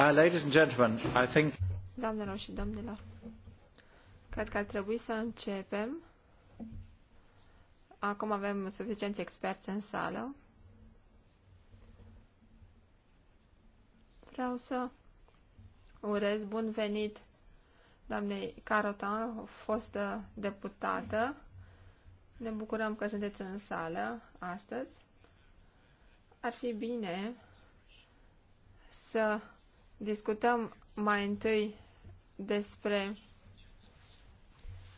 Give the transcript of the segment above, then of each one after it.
Uh, ladies and gentlemen, I think... Doamnelor și domnilor, cred că ar trebui să începem. Acum avem suficienți experți în sală. Vreau să urez bun venit doamnei Carotan, fostă deputată. Ne bucurăm că sunteți în sală astăzi. Ar fi bine să Discutăm mai întâi despre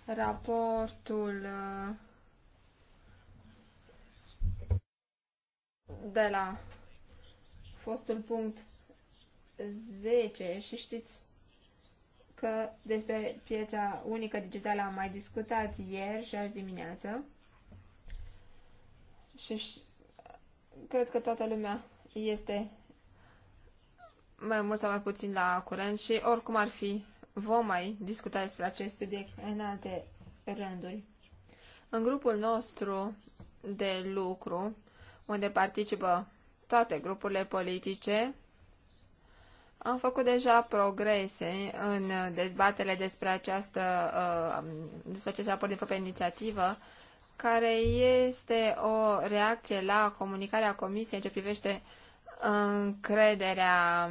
raportul uh, de la fostul punct 10 și știți că despre piața unică digitală am mai discutat ieri și azi dimineață și cred că toată lumea este mai mult sau mai puțin la curent și oricum ar fi, vom mai discuta despre acest subiect în alte rânduri. În grupul nostru de lucru, unde participă toate grupurile politice, am făcut deja progrese în dezbatele despre, această, uh, despre acest raport din propria inițiativă, care este o reacție la comunicarea Comisiei ce privește încrederea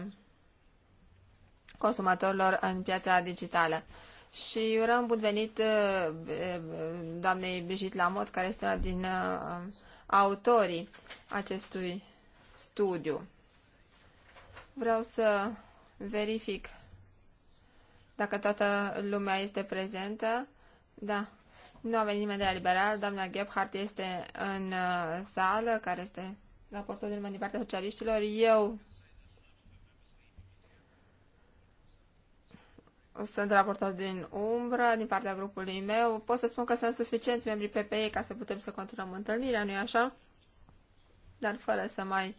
consumatorilor în piața digitală. Și urăm bun venit uh, uh, doamnei Brigitte Lamot, care este una din uh, autorii acestui studiu. Vreau să verific dacă toată lumea este prezentă. Da. Nu a venit nimeni de la liberal. Doamna Gebhardt este în sală, care este raportul din partea socialiștilor. Eu sunt raportat din umbră, din partea grupului meu. Pot să spun că sunt suficienți membrii PPE ca să putem să continuăm întâlnirea, nu-i așa? Dar fără să mai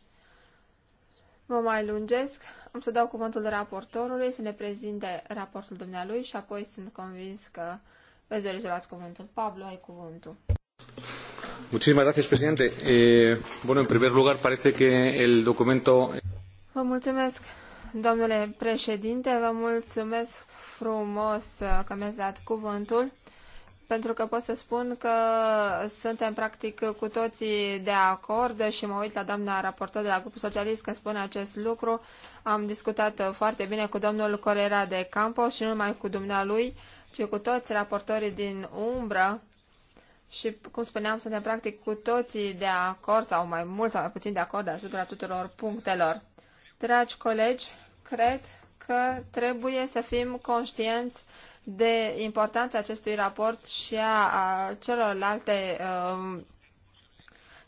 mă mai lungesc, am să dau cuvântul raportorului să ne prezinte raportul dumnealui și apoi sunt convins că veți dori să luați cuvântul. Pablo, ai cuvântul. Muchísimas gracias, presidente. Eh, bueno, en primer lugar, parece que el documento. Vă mulțumesc, domnule președinte, vă mulțumesc frumos uh, că mi-ați dat cuvântul, pentru că pot să spun că suntem practic cu toții de acord și mă uit la doamna raportor de la Grupul Socialist când spune acest lucru. Am discutat uh, foarte bine cu domnul Corera de Campos și nu numai cu dumnealui, ci cu toți raportorii din umbră și, cum spuneam, suntem practic cu toții de acord, sau mai mult sau mai puțin de acord asupra tuturor punctelor. Dragi colegi, cred că trebuie să fim conștienți de importanța acestui raport și a, a celorlalte um,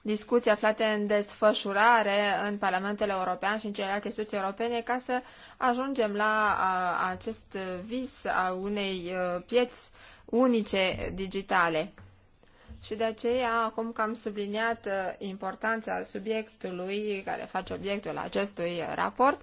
discuții aflate în desfășurare în Parlamentul European și în celelalte instituții europene ca să ajungem la a, acest vis a unei uh, pieți unice digitale. Și de aceea, acum că am subliniat uh, importanța subiectului care face obiectul acestui raport,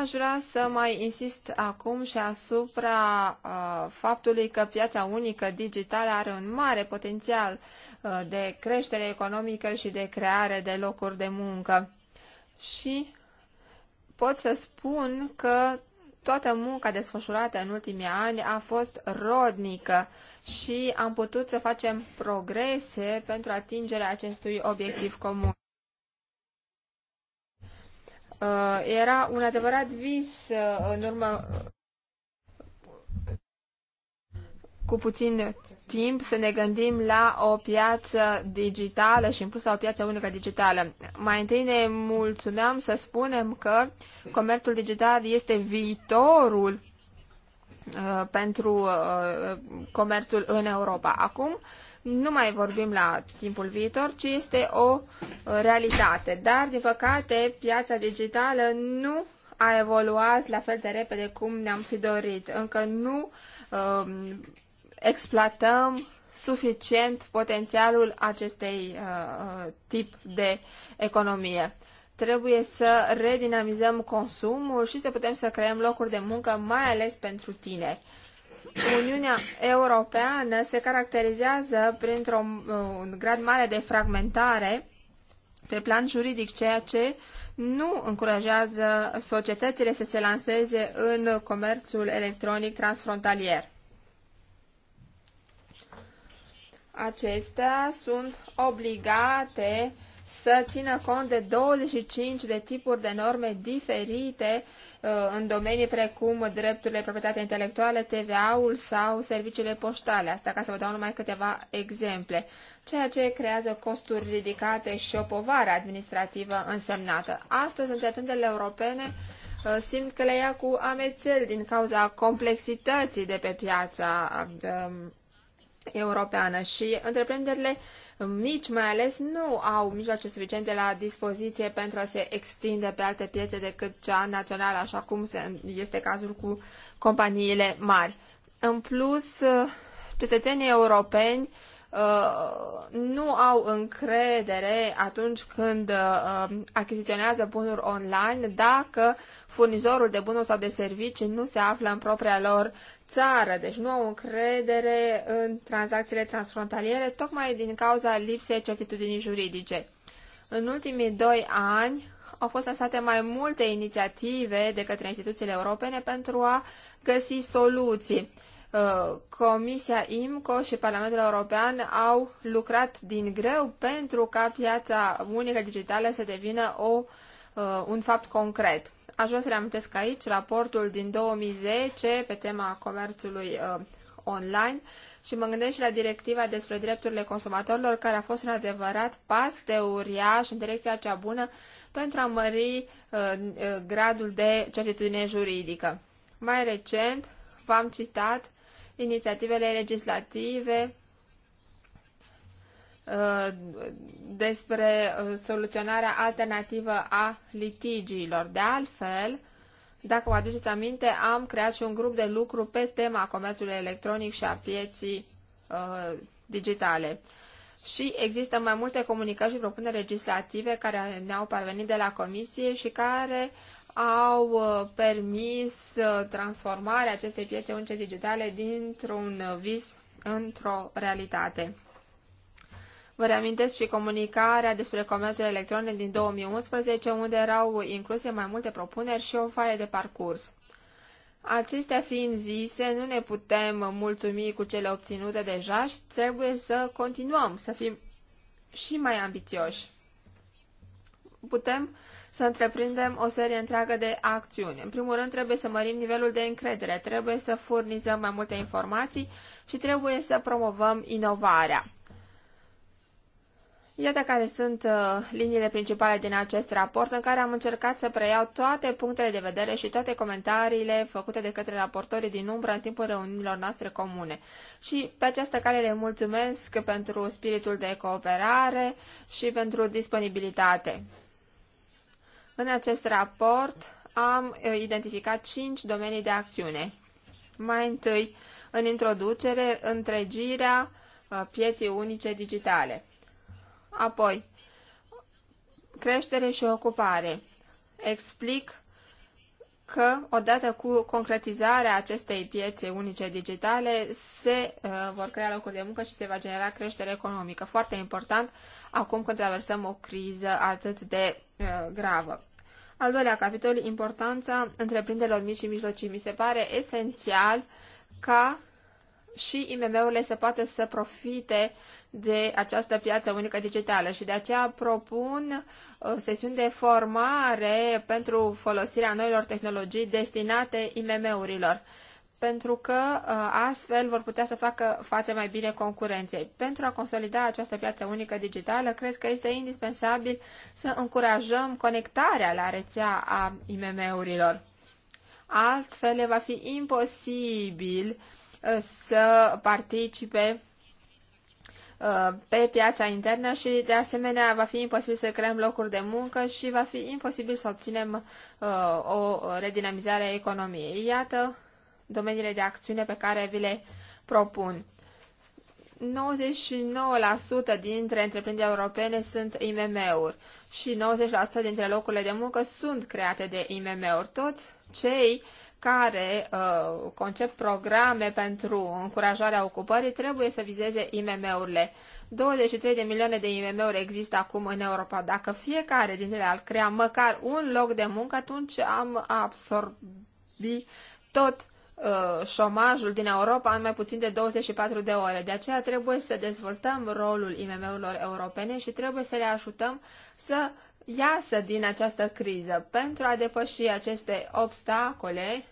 Aș vrea să mai insist acum și asupra uh, faptului că piața unică digitală are un mare potențial uh, de creștere economică și de creare de locuri de muncă. Și pot să spun că toată munca desfășurată în ultimii ani a fost rodnică și am putut să facem progrese pentru atingerea acestui obiectiv comun. Uh, era un adevărat vis uh, în urmă cu puțin timp să ne gândim la o piață digitală și în plus la o piață unică digitală. Mai întâi ne mulțumeam să spunem că comerțul digital este viitorul uh, pentru uh, comerțul în Europa. Acum nu mai vorbim la timpul viitor, ci este o uh, realitate. Dar, din păcate, piața digitală nu a evoluat la fel de repede cum ne-am fi dorit. Încă nu uh, exploatăm suficient potențialul acestei uh, uh, tip de economie. Trebuie să redinamizăm consumul și să putem să creăm locuri de muncă, mai ales pentru tineri. Uniunea Europeană se caracterizează printr-un uh, grad mare de fragmentare pe plan juridic, ceea ce nu încurajează societățile să se lanseze în comerțul electronic transfrontalier. Acestea sunt obligate să țină cont de 25 de tipuri de norme diferite Uh, în domenii precum drepturile proprietate intelectuale, TVA-ul sau serviciile poștale. Asta ca să vă dau numai câteva exemple, ceea ce creează costuri ridicate și o povară administrativă însemnată. Astăzi, întreprinderile europene uh, simt că le ia cu amețel din cauza complexității de pe piața uh, europeană și întreprinderile mici, mai ales nu au mijloace suficiente la dispoziție pentru a se extinde pe alte piețe decât cea națională, așa cum este cazul cu companiile mari. În plus, cetățenii europeni uh, nu au încredere atunci când uh, achiziționează bunuri online dacă furnizorul de bunuri sau de servicii nu se află în propria lor țară, deci nu au încredere în tranzacțiile transfrontaliere, tocmai din cauza lipsei certitudinii juridice. În ultimii doi ani au fost lăsate mai multe inițiative de către instituțiile europene pentru a găsi soluții. Uh, Comisia IMCO și Parlamentul European au lucrat din greu pentru ca piața unică digitală să devină o, uh, un fapt concret. Aș vrea să reamintesc aici raportul din 2010 pe tema comerțului uh, online și mă gândesc și la directiva despre drepturile consumatorilor, care a fost un adevărat pas de uriaș în direcția cea bună pentru a mări uh, uh gradul de certitudine juridică. Mai recent v-am citat inițiativele legislative Uh, despre uh, soluționarea alternativă a litigiilor. De altfel, dacă vă aduceți aminte, am creat și un grup de lucru pe tema comerțului electronic și a pieții uh, digitale. Și există mai multe comunicări și propuneri legislative care ne-au parvenit de la Comisie și care au uh, permis transformarea acestei piețe unice digitale dintr-un vis într-o realitate. Vă reamintesc și comunicarea despre comerțul electronic din 2011, unde erau incluse mai multe propuneri și o faie de parcurs. Acestea fiind zise, nu ne putem mulțumi cu cele obținute deja și trebuie să continuăm, să fim și mai ambițioși. Putem să întreprindem o serie întreagă de acțiuni. În primul rând, trebuie să mărim nivelul de încredere, trebuie să furnizăm mai multe informații și trebuie să promovăm inovarea. Iată care sunt uh, liniile principale din acest raport în care am încercat să preiau toate punctele de vedere și toate comentariile făcute de către raportorii din umbră în timpul reuniunilor noastre comune. Și pe această cale le mulțumesc pentru spiritul de cooperare și pentru disponibilitate. În acest raport am uh, identificat cinci domenii de acțiune. Mai întâi, în introducere, întregirea uh, pieții unice digitale Apoi, creștere și ocupare. Explic că odată cu concretizarea acestei piețe unice digitale se uh, vor crea locuri de muncă și se va genera creștere economică. Foarte important acum când traversăm o criză atât de uh, gravă. Al doilea capitol, importanța întreprinderilor mici și mijlocii. Mi se pare esențial ca și IMM-urile să poată să profite de această piață unică digitală și de aceea propun uh, sesiuni de formare pentru folosirea noilor tehnologii destinate IMM-urilor pentru că uh, astfel vor putea să facă față mai bine concurenței. Pentru a consolida această piață unică digitală, cred că este indispensabil să încurajăm conectarea la rețea a IMM-urilor. Altfel, va fi imposibil să participe uh, pe piața internă și de asemenea va fi imposibil să creăm locuri de muncă și va fi imposibil să obținem uh, o redinamizare a economiei. Iată domeniile de acțiune pe care vi le propun. 99% dintre întreprinderile europene sunt IMM-uri și 90% dintre locurile de muncă sunt create de IMM-uri. Toți cei care uh, concep programe pentru încurajarea ocupării trebuie să vizeze IMM-urile. 23 de milioane de IMM-uri există acum în Europa. Dacă fiecare dintre ele ar crea măcar un loc de muncă, atunci am absorbi tot uh, șomajul din Europa în mai puțin de 24 de ore. De aceea trebuie să dezvoltăm rolul IMM-urilor europene și trebuie să le ajutăm să uh, iasă din această criză. Pentru a depăși aceste obstacole,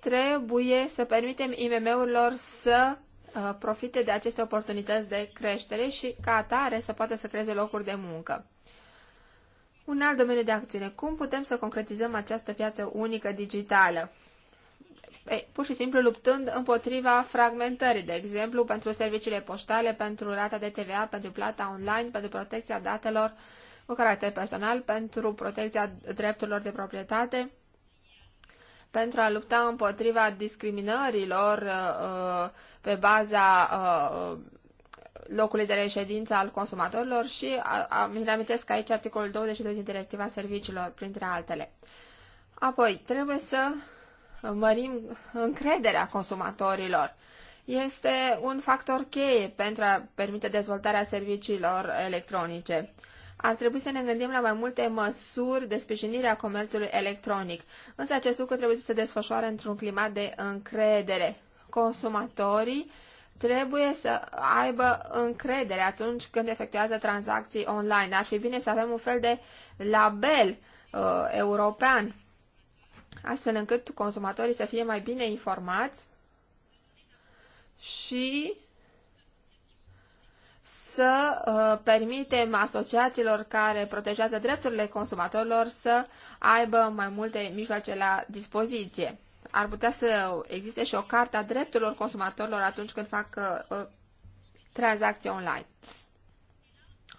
trebuie să permitem IMM-urilor să uh, profite de aceste oportunități de creștere și ca atare să poată să creeze locuri de muncă. Un alt domeniu de acțiune. Cum putem să concretizăm această piață unică digitală? Ei, pur și simplu luptând împotriva fragmentării, de exemplu, pentru serviciile poștale, pentru rata de TVA, pentru plata online, pentru protecția datelor cu caracter personal pentru protecția drepturilor de proprietate, pentru a lupta împotriva discriminărilor uh, uh pe baza uh, uh, locului de reședință al consumatorilor și îmi reamintesc aici articolul 22 din Directiva Serviciilor, printre altele. Apoi, trebuie să mărim încrederea consumatorilor. Este un factor cheie pentru a permite dezvoltarea serviciilor electronice ar trebui să ne gândim la mai multe măsuri de sprijinire a comerțului electronic. Însă acest lucru trebuie să se desfășoare într-un climat de încredere. Consumatorii trebuie să aibă încredere atunci când efectuează tranzacții online. Ar fi bine să avem un fel de label uh, european, astfel încât consumatorii să fie mai bine informați și să uh, permitem asociațiilor care protejează drepturile consumatorilor să aibă mai multe mijloace la dispoziție. Ar putea să existe și o carte a drepturilor consumatorilor atunci când fac uh, uh tranzacții online.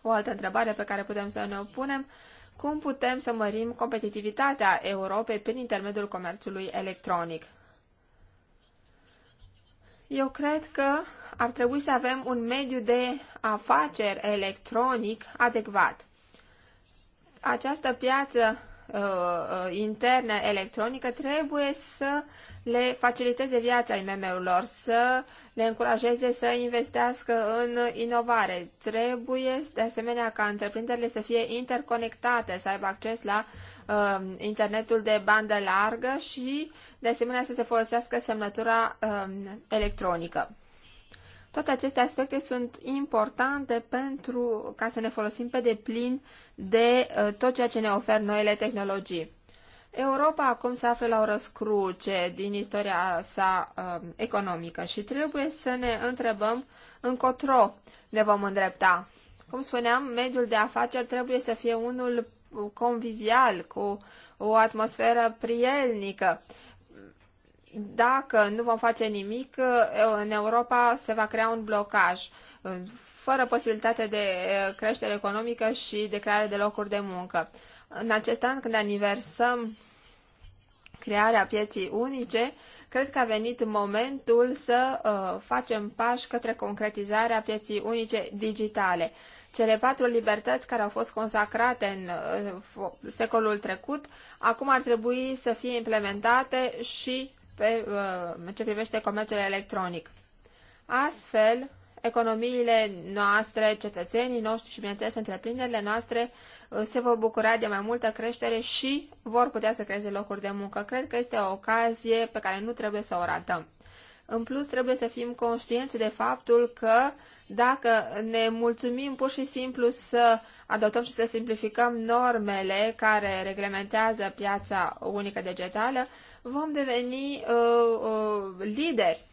O altă întrebare pe care putem să ne opunem, punem, cum putem să mărim competitivitatea Europei prin intermediul comerțului electronic? Eu cred că ar trebui să avem un mediu de afaceri electronic adecvat. Această piață uh, uh, internă electronică trebuie să le faciliteze viața IMM-urilor, să le încurajeze să investească în inovare. Trebuie, de asemenea, ca întreprinderile să fie interconectate, să aibă acces la uh, internetul de bandă largă și, de asemenea, să se folosească semnătura uh, electronică. Toate aceste aspecte sunt importante pentru ca să ne folosim pe deplin de uh, tot ceea ce ne ofer noile tehnologii. Europa acum se află la o răscruce din istoria sa uh, economică și trebuie să ne întrebăm încotro ne vom îndrepta. Cum spuneam, mediul de afaceri trebuie să fie unul convivial, cu o atmosferă prielnică. Dacă nu vom face nimic, în Europa se va crea un blocaj fără posibilitate de creștere economică și de creare de locuri de muncă. În acest an, când aniversăm crearea pieții unice, cred că a venit momentul să uh, facem pași către concretizarea pieții unice digitale. Cele patru libertăți care au fost consacrate în uh, secolul trecut, acum ar trebui să fie implementate și pe uh, ce privește comerțul electronic. Astfel, economiile noastre, cetățenii noștri și, bineînțeles, întreprinderile noastre uh, se vor bucura de mai multă creștere și vor putea să creeze locuri de muncă. Cred că este o ocazie pe care nu trebuie să o ratăm. În plus, trebuie să fim conștienți de faptul că dacă ne mulțumim pur și simplu să adoptăm și să simplificăm normele care reglementează piața unică digitală, vom deveni uh, uh, lideri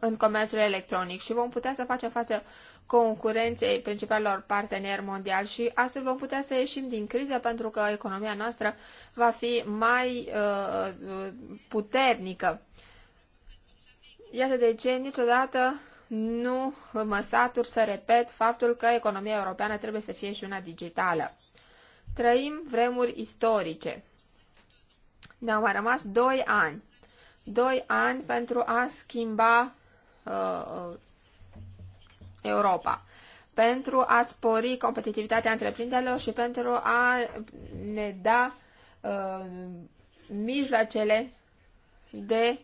în comerțul electronic și vom putea să facem față concurenței principalilor parteneri mondiali și astfel vom putea să ieșim din criză pentru că economia noastră va fi mai uh, uh puternică. Iată de ce niciodată nu mă satur să repet faptul că economia europeană trebuie să fie și una digitală. Trăim vremuri istorice. Ne-au mai rămas doi ani. Doi ani pentru a schimba uh, uh Europa, pentru a spori competitivitatea întreprinderilor și pentru a ne da uh, mijloacele de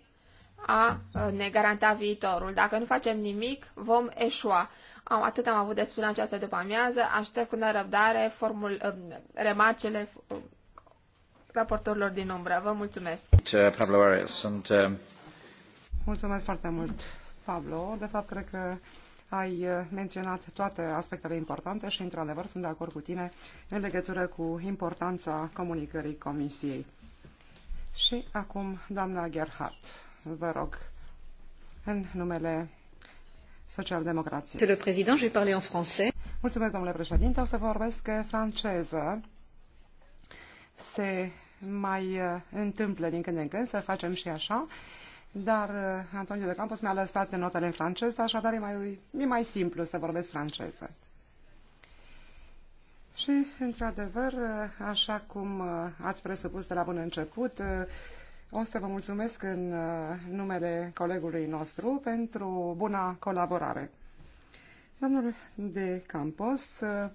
a ne garanta viitorul. Dacă nu facem nimic, vom eșua. Am, atât am avut de spus în această după-amiază. Aștept cu nerăbdare formul, remarcele raportorilor din umbră. Vă mulțumesc. Pablo Mulțumesc foarte mult, Pablo. De fapt, cred că ai menționat toate aspectele importante și, într-adevăr, sunt de acord cu tine în legătură cu importanța comunicării Comisiei. Și acum, doamna Gerhardt vă rog, în numele socialdemocrației. Le président, je vais en français. Mulțumesc, domnule președinte, o să vorbesc franceză. Se mai uh, întâmplă din când în când să facem și așa, dar uh, Antonio de Campos mi-a lăsat notele în franceză, așadar e mai, e mai simplu să vorbesc franceză. Și, într-adevăr, uh, așa cum ați presupus de la bun început, o să vă mulțumesc în uh, numele colegului nostru pentru buna colaborare. Domnul de Campos uh,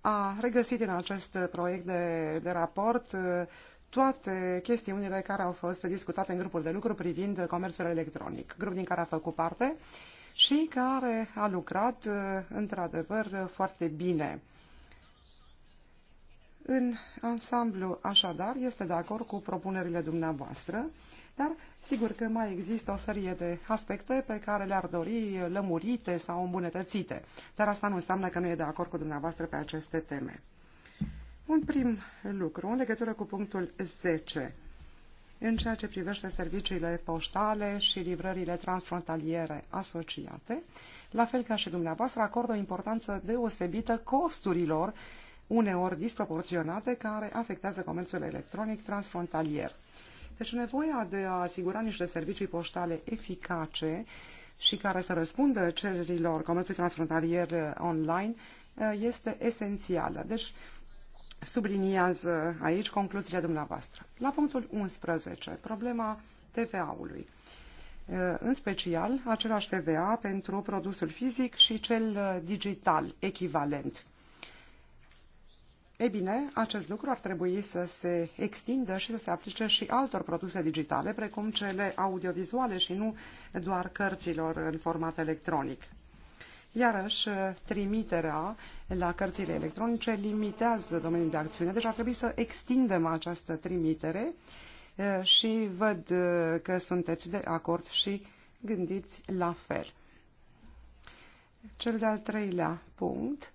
a regăsit în acest proiect de, de raport uh, toate chestiunile care au fost discutate în grupul de lucru privind comerțul electronic, grup din care a făcut parte și care a lucrat într-adevăr foarte bine în ansamblu, așadar, este de acord cu propunerile dumneavoastră, dar sigur că mai există o serie de aspecte pe care le-ar dori lămurite sau îmbunătățite. Dar asta nu înseamnă că nu e de acord cu dumneavoastră pe aceste teme. Un prim lucru în legătură cu punctul 10 în ceea ce privește serviciile poștale și livrările transfrontaliere asociate, la fel ca și dumneavoastră, acordă o importanță deosebită costurilor uneori disproporționate, care afectează comerțul electronic transfrontalier. Deci nevoia de a asigura niște servicii poștale eficace și care să răspundă cererilor comerțului transfrontalier eh, online eh, este esențială. Deci subliniază aici concluziile dumneavoastră. La punctul 11, problema TVA-ului. Eh, în special, același TVA pentru produsul fizic și cel digital echivalent. E bine, acest lucru ar trebui să se extindă și să se aplice și altor produse digitale, precum cele audiovizuale și nu doar cărților în format electronic. Iarăși, trimiterea la cărțile electronice limitează domeniul de acțiune, deci ar trebui să extindem această trimitere și văd că sunteți de acord și gândiți la fel. Cel de-al treilea punct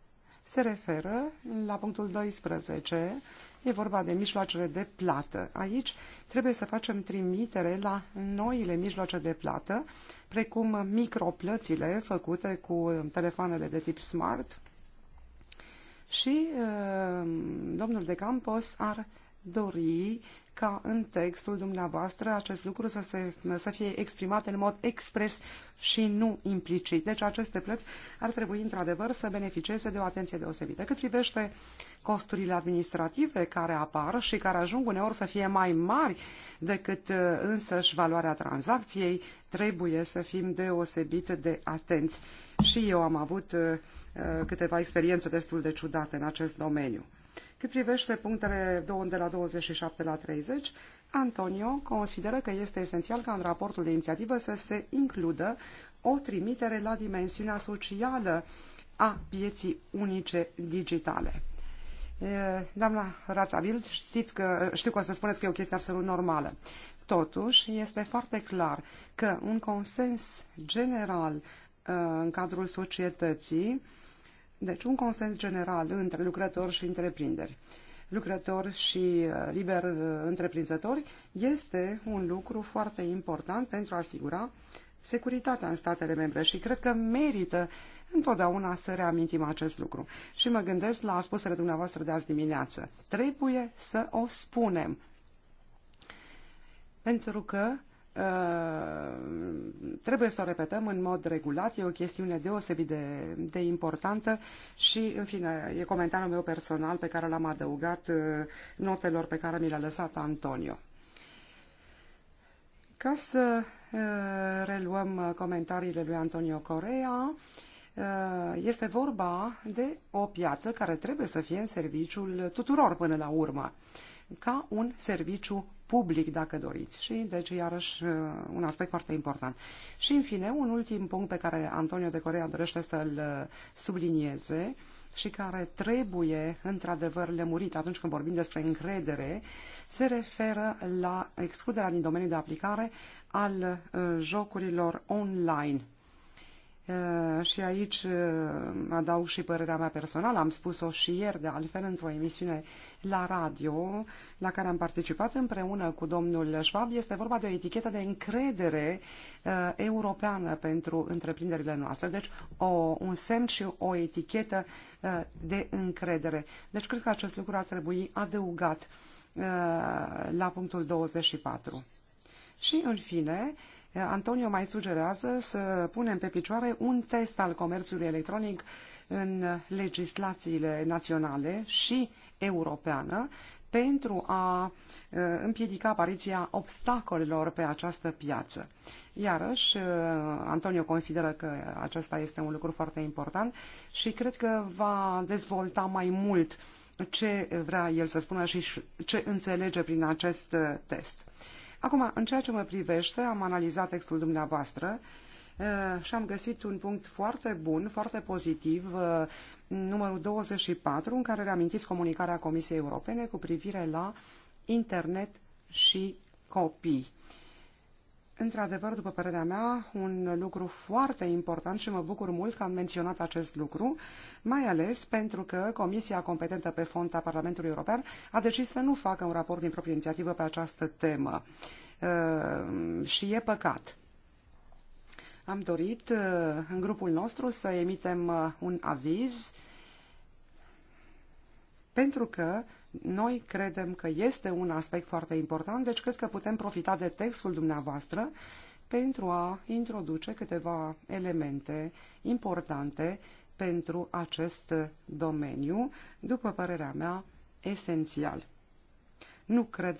se referă la punctul 12, e vorba de mijloacele de plată. Aici trebuie să facem trimitere la noile mijloace de plată, precum microplățile făcute cu telefoanele de tip smart. Și uh, domnul de Campos ar dori ca în textul dumneavoastră acest lucru să, se, să fie exprimat în mod expres și nu implicit. Deci aceste plăți ar trebui într-adevăr să beneficieze de o atenție deosebită. Cât privește costurile administrative care apar și care ajung uneori să fie mai mari decât uh, însăși valoarea tranzacției, trebuie să fim deosebit de atenți. Și eu am avut uh, uh, câteva experiențe destul de ciudate în acest domeniu. Cât privește punctele de la 27 la 30, Antonio consideră că este esențial ca în raportul de inițiativă să se includă o trimitere la dimensiunea socială a pieții unice digitale. Doamna Rațabil, știți că, știu că o să spuneți că e o chestie absolut normală. Totuși, este foarte clar că un consens general uh, în cadrul societății deci un consens general între lucrători și întreprinderi, lucrători și uh, liber uh, întreprinzători este un lucru foarte important pentru a asigura securitatea în statele membre și cred că merită întotdeauna să reamintim acest lucru. Și mă gândesc la spusele dumneavoastră de azi dimineață. Trebuie să o spunem. Pentru că Uh, trebuie să o repetăm în mod regulat, e o chestiune deosebit de, de importantă și, în fine, e comentariul meu personal pe care l-am adăugat uh, notelor pe care mi le-a lăsat Antonio. Ca să uh, reluăm comentariile lui Antonio Corea, este vorba de o piață care trebuie să fie în serviciul tuturor până la urmă, ca un serviciu public, dacă doriți. Și, deci, iarăși, un aspect foarte important. Și, în fine, un ultim punct pe care Antonio de Corea dorește să-l sublinieze și care trebuie, într-adevăr, lămurit atunci când vorbim despre încredere, se referă la excluderea din domeniul de aplicare al uh, jocurilor online Uh, și aici uh, adaug și părerea mea personală, am spus-o și ieri, de altfel, într-o emisiune la radio, la care am participat împreună cu domnul Schwab. Este vorba de o etichetă de încredere uh, europeană pentru întreprinderile noastre. Deci, o, un semn și o etichetă uh, de încredere. Deci, cred că acest lucru ar trebui adăugat uh, la punctul 24. Și, în fine, uh, Eh, Antonio mai sugerează să punem pe picioare un test al comerțului electronic în legislațiile naționale și europeană pentru a eh, împiedica apariția obstacolelor pe această piață. Iarăși, eh, Antonio consideră că acesta este un lucru foarte important și cred că va dezvolta mai mult ce vrea el să spună și ce înțelege prin acest test. Acum, în ceea ce mă privește, am analizat textul dumneavoastră și am găsit un punct foarte bun, foarte pozitiv, numărul 24, în care reamintiți comunicarea Comisiei Europene cu privire la internet și copii. Uh, Într-adevăr, după părerea mea, un lucru foarte important și mă bucur mult că am menționat acest lucru, mai ales pentru că Comisia competentă pe fond a Parlamentului European a decis să nu facă un raport din proprie inițiativă pe această temă. Uh, și e păcat. Am dorit uh, în grupul nostru să emitem uh, un aviz pentru că noi credem că este un aspect foarte important, deci cred că putem profita de textul dumneavoastră pentru a introduce câteva elemente importante pentru acest domeniu, după părerea mea, esențial. Nu cred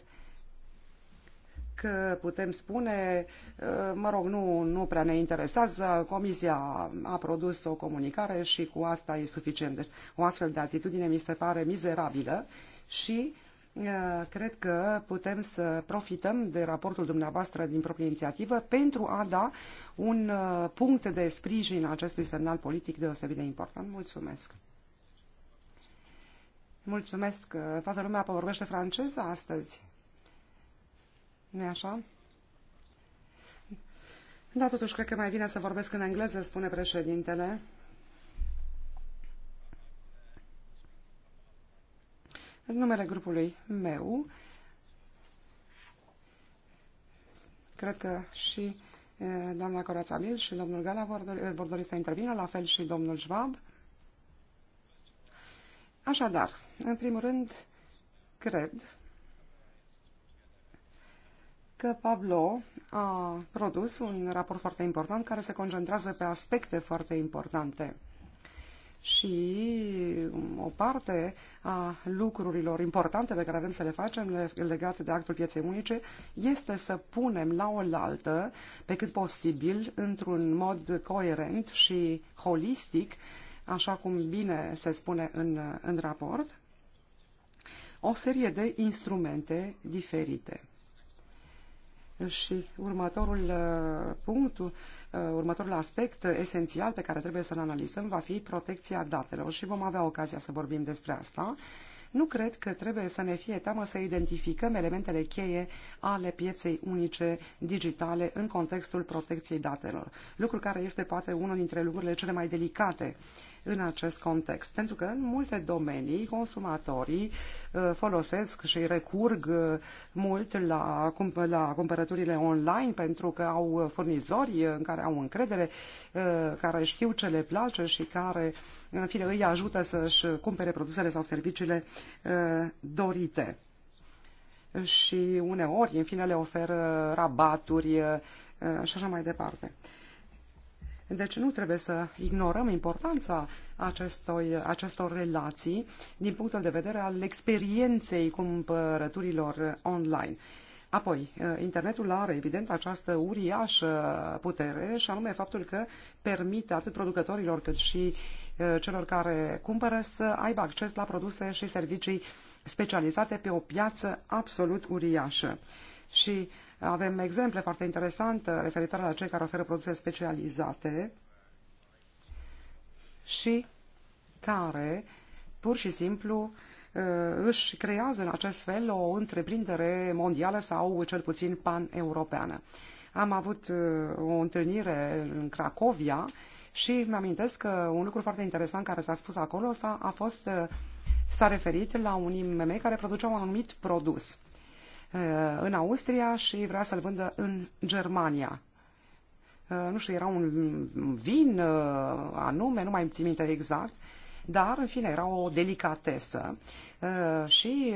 că putem spune, uh, mă rog, nu, nu prea ne interesează, Comisia a produs o comunicare și cu asta e suficient. Deci, o astfel de atitudine mi se pare mizerabilă și uh, cred că putem să profităm de raportul dumneavoastră din proprie inițiativă pentru a da un uh, punct de sprijin acestui semnal politic deosebit de important. Mulțumesc! Mulțumesc! Uh, toată lumea vorbește franceză astăzi. nu așa? Da, totuși, cred că mai bine să vorbesc în engleză, spune președintele. în numele grupului meu, cred că și doamna Corațabil și domnul Gala vor dori, vor dori să intervină, la fel și domnul Schwab. Așadar, în primul rând, cred că Pablo a produs un raport foarte important care se concentrează pe aspecte foarte importante și o parte a lucrurilor importante pe care avem să le facem legate de actul pieței unice este să punem la oaltă, pe cât posibil, într-un mod coerent și holistic, așa cum bine se spune în, în raport, o serie de instrumente diferite. Și următorul uh, punct Uh, următorul aspect esențial pe care trebuie să-l analizăm va fi protecția datelor și vom avea ocazia să vorbim despre asta. Nu cred că trebuie să ne fie teamă să identificăm elementele cheie ale pieței unice digitale în contextul protecției datelor, lucru care este poate unul dintre lucrurile cele mai delicate uh, în acest context. Pentru că în multe domenii consumatorii uh, folosesc și recurg uh, mult la, la cumpărăturile online pentru că au furnizori uh, în care au încredere, care știu ce le place și care în fine, îi ajută să-și cumpere produsele sau serviciile dorite și uneori, în fine, le oferă rabaturi și așa mai departe. Deci nu trebuie să ignorăm importanța acestor, acestor relații din punctul de vedere al experienței cumpărăturilor online. Apoi, eh, internetul are evident această uriașă putere și anume faptul că permite atât producătorilor cât și eh, celor care cumpără să aibă acces la produse și servicii specializate pe o piață absolut uriașă. Și avem exemple foarte interesante referitoare la cei care oferă produse specializate și care pur și simplu uh, își creează în acest fel o întreprindere mondială sau cel puțin pan-europeană. Am avut uh, o întâlnire în Cracovia și mi-amintesc că un lucru foarte interesant care s-a spus acolo s-a, a fost, uh, s-a referit la un IMM care producea un anumit produs. Uh, în Austria și vrea să-l vândă în Germania. Uh, nu știu, era un vin uh, anume, nu mai țin minte exact, dar, în fine, era o delicatesă și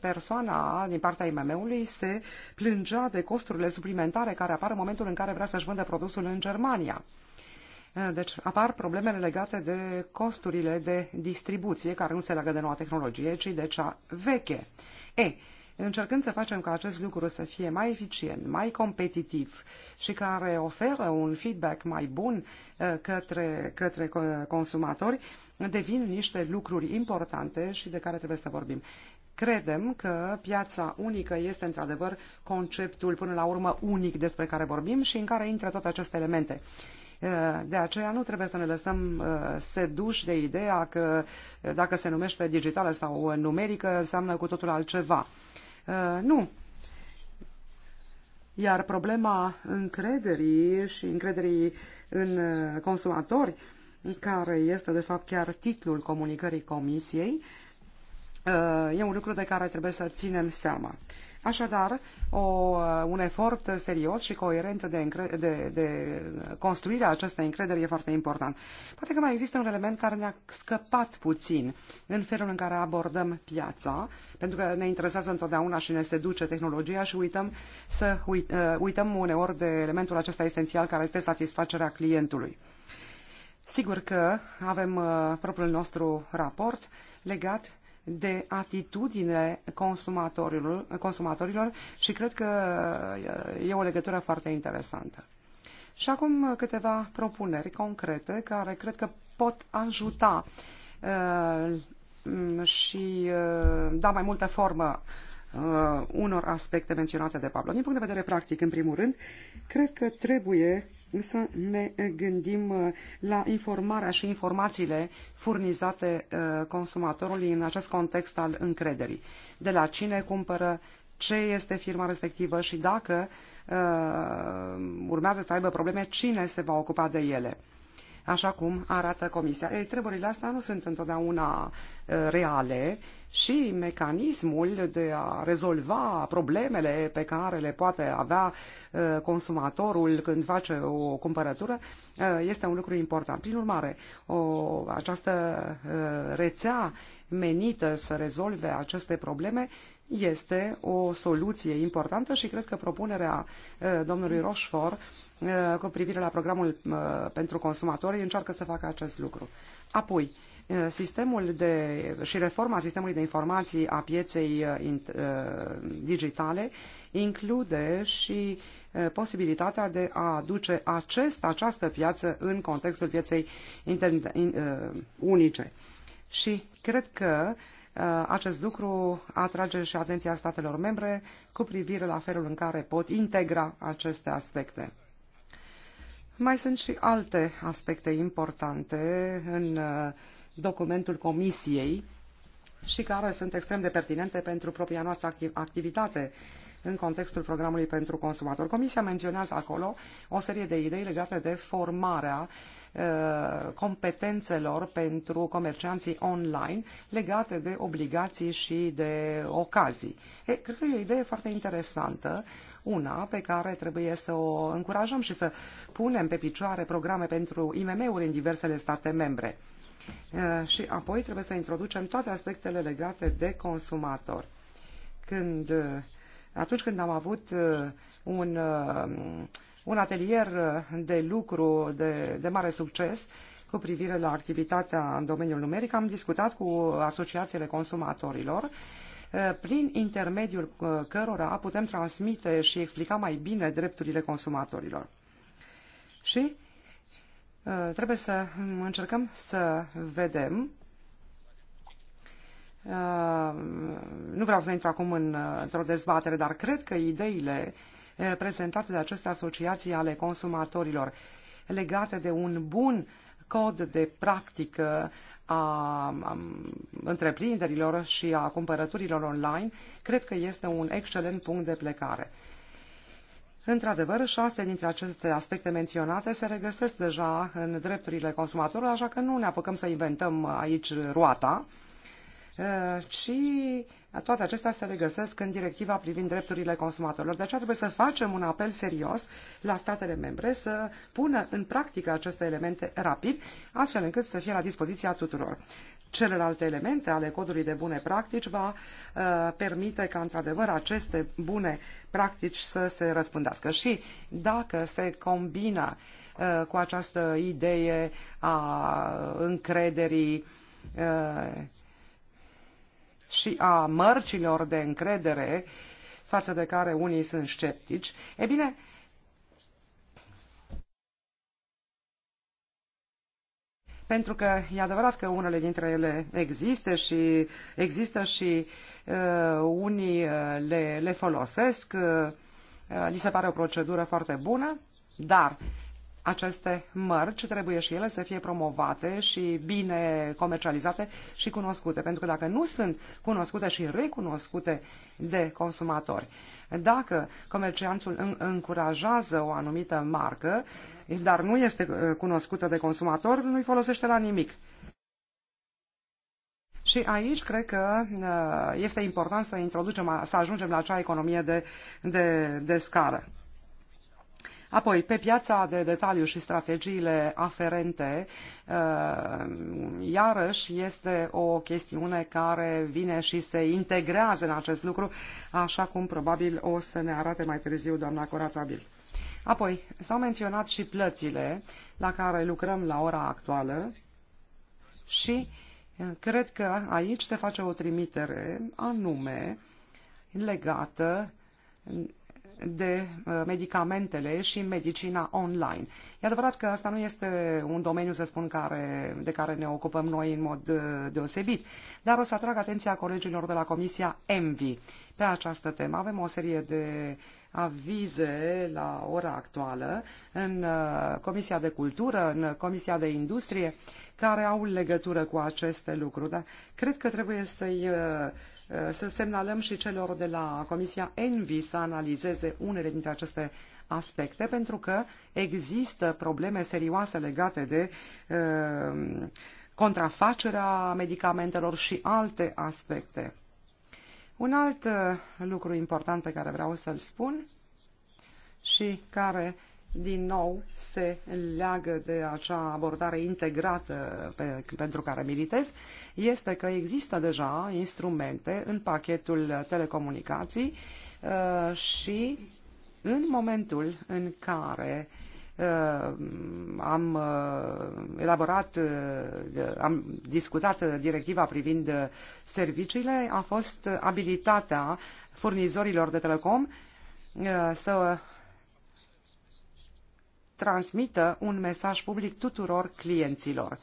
persoana din partea IMM-ului se plângea de costurile suplimentare care apar în momentul în care vrea să-și vândă produsul în Germania. Deci apar problemele legate de costurile de distribuție, care nu se leagă de noua tehnologie, ci de cea veche. E, încercând să facem ca acest lucru să fie mai eficient, mai competitiv și care oferă un feedback mai bun uh, către, către consumatori, devin niște lucruri importante și de care trebuie să vorbim. Credem că piața unică este într-adevăr conceptul până la urmă unic despre care vorbim și în care intră toate aceste elemente. Uh, de aceea nu trebuie să ne lăsăm uh, seduși de ideea că dacă se numește digitală sau numerică înseamnă cu totul altceva. Uh, nu. Iar problema încrederii și încrederii în uh, consumatori, care este de fapt chiar titlul comunicării Comisiei, uh, e un lucru de care trebuie să ținem seama. Așadar, o, uh, un efort serios și coerent de, încre- de, de construirea acestei încrederi e foarte important. Poate că mai există un element care ne-a scăpat puțin în felul în care abordăm piața, pentru că ne interesează întotdeauna și ne seduce tehnologia și uităm, să uit, uh, uităm uneori de elementul acesta esențial care este satisfacerea clientului. Sigur că avem uh, propriul nostru raport legat de atitudine consumatorilor, consumatorilor și cred că uh, e o legătură foarte interesantă. Și acum uh, câteva propuneri concrete care cred că pot ajuta uh, mm, și da mai multă formă unor aspecte menționate de Pablo. Din punct de vedere practic, în primul rând, cred că trebuie să ne gândim uh, la informarea și informațiile furnizate uh, consumatorului în acest context al încrederii. De la cine cumpără, ce este firma respectivă și dacă uh, urmează să aibă probleme, cine se va ocupa de ele așa cum arată Comisia. Ei, treburile astea nu sunt întotdeauna reale și mecanismul de a rezolva problemele pe care le poate avea consumatorul când face o cumpărătură este un lucru important. Prin urmare, o, această rețea menită să rezolve aceste probleme este o soluție importantă și cred că propunerea eh, domnului Rochefort eh, cu privire la programul eh, pentru consumatori încearcă să facă acest lucru. Apoi, sistemul de, și reforma sistemului de informații a pieței digitale include și posibilitatea de a aduce acest, această piață în contextul pieței interne, unice. Și cred că Uh, acest lucru atrage și atenția statelor membre cu privire la felul în care pot integra aceste aspecte. Mai sunt și alte aspecte importante în uh, documentul Comisiei și care sunt extrem de pertinente pentru propria noastră activitate în contextul programului pentru consumator. Comisia menționează acolo o serie de idei legate de formarea uh, Uh, competențelor pentru comercianții online legate de obligații și de ocazii. E, cred că e o idee foarte interesantă, una pe care trebuie să o încurajăm și să punem pe picioare programe pentru IMM-uri în diversele state membre. E, uh, și apoi trebuie să introducem toate aspectele legate de consumator. Când, uh, atunci când am avut un un atelier uh, de lucru de, de mare succes cu privire la activitatea în domeniul numeric. Am discutat cu asociațiile consumatorilor uh, prin intermediul uh, cărora putem transmite și explica mai bine drepturile consumatorilor. Și trebuie să încercăm să vedem nu vreau să intru acum în, într-o dezbatere, dar cred că ideile prezentate de aceste asociații ale consumatorilor legate de un bun cod de practică a întreprinderilor și a cumpărăturilor online, cred că este un excelent punct de plecare. Într-adevăr, șase dintre aceste aspecte menționate se regăsesc deja în drepturile consumatorilor, așa că nu ne apucăm să inventăm aici roata, ci uh, toate acestea se regăsesc în directiva privind drepturile consumatorilor. De deci aceea trebuie să facem un apel serios la statele membre să pună în practică aceste elemente rapid, astfel încât să fie la dispoziția tuturor. Celelalte elemente ale codului de bune practici va uh, permite ca, într-adevăr, aceste bune practici să se răspândească. Și dacă se combină uh, cu această idee a încrederii uh, și a mărcilor de încredere față de care unii sunt sceptici, e bine, pentru că e adevărat că unele dintre ele există și există și uh, unii uh, le, le folosesc, uh, li se pare o procedură foarte bună, dar uh, aceste mărci trebuie și ele să fie promovate și bine comercializate și cunoscute, pentru că dacă nu sunt cunoscute și recunoscute de consumatori, dacă comercianțul încurajează o anumită marcă, dar nu este uh, cunoscută de consumator, nu-i folosește la nimic. Și aici cred că uh, este important să introducem, să ajungem la acea economie de, de, de scară. Apoi, pe piața de detaliu și strategiile aferente, uh, iarăși este o chestiune care vine și se integrează în acest lucru, așa cum probabil o să ne arate mai târziu doamna Corața Bild. Apoi, s-au menționat și plățile la care lucrăm la ora actuală și uh, cred că aici se face o trimitere anume legată de uh, medicamentele și medicina online. E adevărat că asta nu este un domeniu, să spun, care, de care ne ocupăm noi în mod uh, deosebit, dar o să atrag atenția colegilor de la Comisia ENVI pe această temă. Avem o serie de avize la ora actuală în uh, Comisia de Cultură, în Comisia de Industrie, care au legătură cu aceste lucruri. Dar cred că trebuie să-i uh, Uh, să semnalăm și celor de la Comisia Envi să analizeze unele dintre aceste aspecte, pentru că există probleme serioase legate de uh, contrafacerea medicamentelor și alte aspecte. Un alt uh, lucru important pe care vreau să-l spun și care din nou se leagă de acea abordare integrată pe, pentru care militez, este că există deja instrumente în pachetul telecomunicații uh, și în momentul în care uh, am uh, elaborat, uh, am discutat directiva privind serviciile, a fost abilitatea furnizorilor de telecom uh, să transmită un mesaj public tuturor clienților.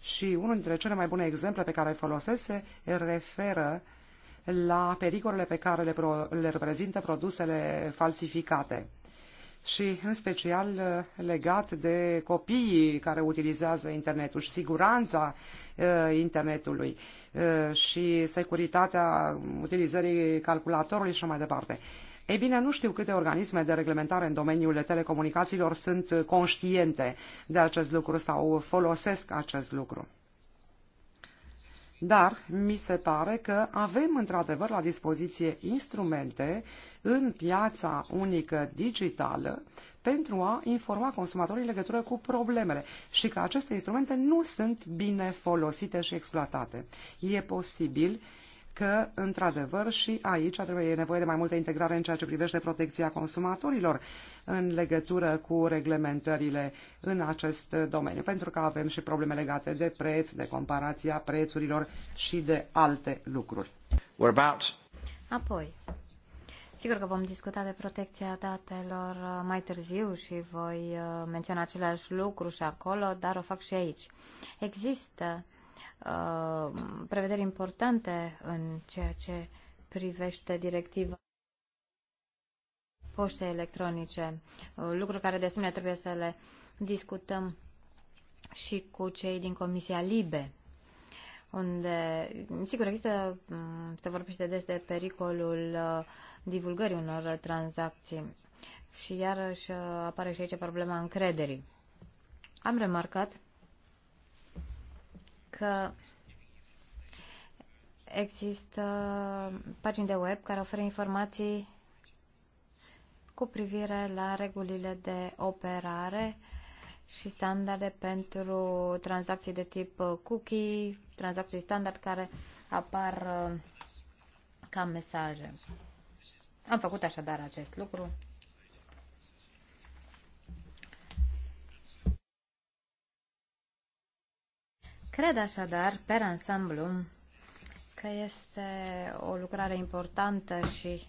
Și unul dintre cele mai bune exemple pe care îl folosese se referă la pericolele pe care le, pro, le reprezintă produsele falsificate și în special legat de copiii care utilizează internetul și siguranța uh, internetului uh, și securitatea utilizării calculatorului și mai departe. Ei bine, nu știu câte organisme de reglementare în domeniul telecomunicațiilor sunt conștiente de acest lucru sau folosesc acest lucru. Dar mi se pare că avem într-adevăr la dispoziție instrumente în piața unică digitală pentru a informa consumatorii în legătură cu problemele și că aceste instrumente nu sunt bine folosite și exploatate. E posibil că, într-adevăr, și aici trebuie, e nevoie de mai multă integrare în ceea ce privește protecția consumatorilor în legătură cu reglementările în acest domeniu, pentru că avem și probleme legate de preț, de comparația prețurilor și de alte lucruri. We're about... Apoi, sigur că vom discuta de protecția datelor uh, mai târziu și voi uh, menționa același lucru și acolo, dar o fac și aici. Există Uh, prevederi importante în ceea ce privește directiva poștei electronice, uh, lucruri care de asemenea trebuie să le discutăm și cu cei din Comisia Libe, unde, sigur, există, mm, se vorbește des de pericolul uh, divulgării unor tranzacții și iarăși apare și aici problema încrederii. Am remarcat că există pagini de web care oferă informații cu privire la regulile de operare și standarde pentru tranzacții de tip cookie, tranzacții standard care apar uh, ca mesaje. Am făcut așadar acest lucru. Cred așadar, pe ansamblu, că este o lucrare importantă și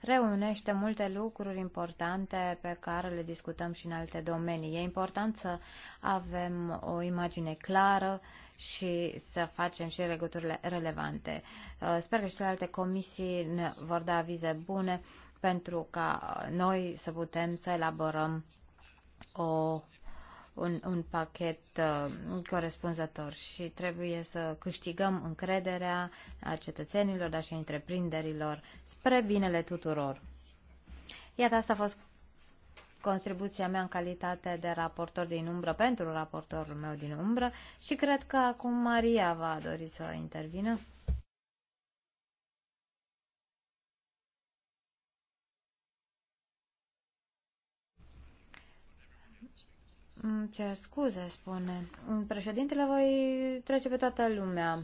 reunește multe lucruri importante pe care le discutăm și în alte domenii. E important să avem o imagine clară și să facem și legăturile relevante. Uh, sper că și celelalte comisii ne vor da avize bune pentru ca noi să putem să elaborăm o un, un pachet uh, corespunzător și trebuie să câștigăm încrederea a cetățenilor, dar și a întreprinderilor spre binele tuturor. Iată, asta a fost contribuția mea în calitate de raportor din umbră pentru raportorul meu din umbră și cred că acum Maria va dori să intervină. Îmi cer scuze, spune. Președintele, voi trece pe toată lumea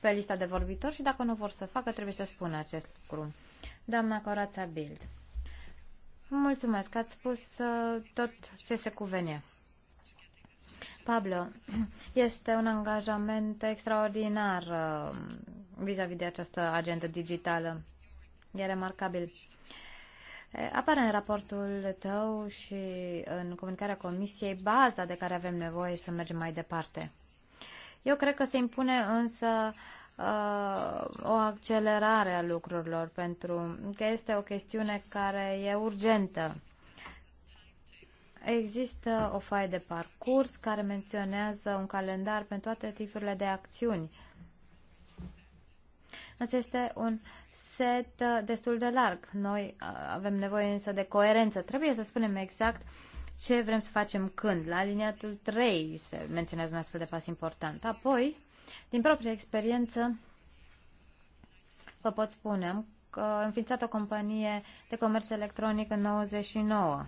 pe lista de vorbitori și dacă nu vor să facă, trebuie să spună acest lucru. Doamna Corața Bild. Mulțumesc, ați spus uh, tot ce se cuvenea. Pablo, este un angajament extraordinar uh, vis-a-vis -vis de această agentă digitală. E remarcabil. Uh, Apare în raportul tău și în comunicarea Comisiei baza de care avem nevoie să mergem mai departe. Eu cred că se impune însă ă, o accelerare a lucrurilor, pentru că este o chestiune care e urgentă. Există o foaie de parcurs care menționează un calendar pentru toate tipurile de acțiuni. Asta este un set uh, destul de larg. Noi uh, avem nevoie însă de coerență. Trebuie să spunem exact ce vrem să facem când. La aliniatul 3 se menționează un astfel de pas important. Apoi, din proprie experiență, vă pot spune, am uh, înființat o companie de comerț electronic în 99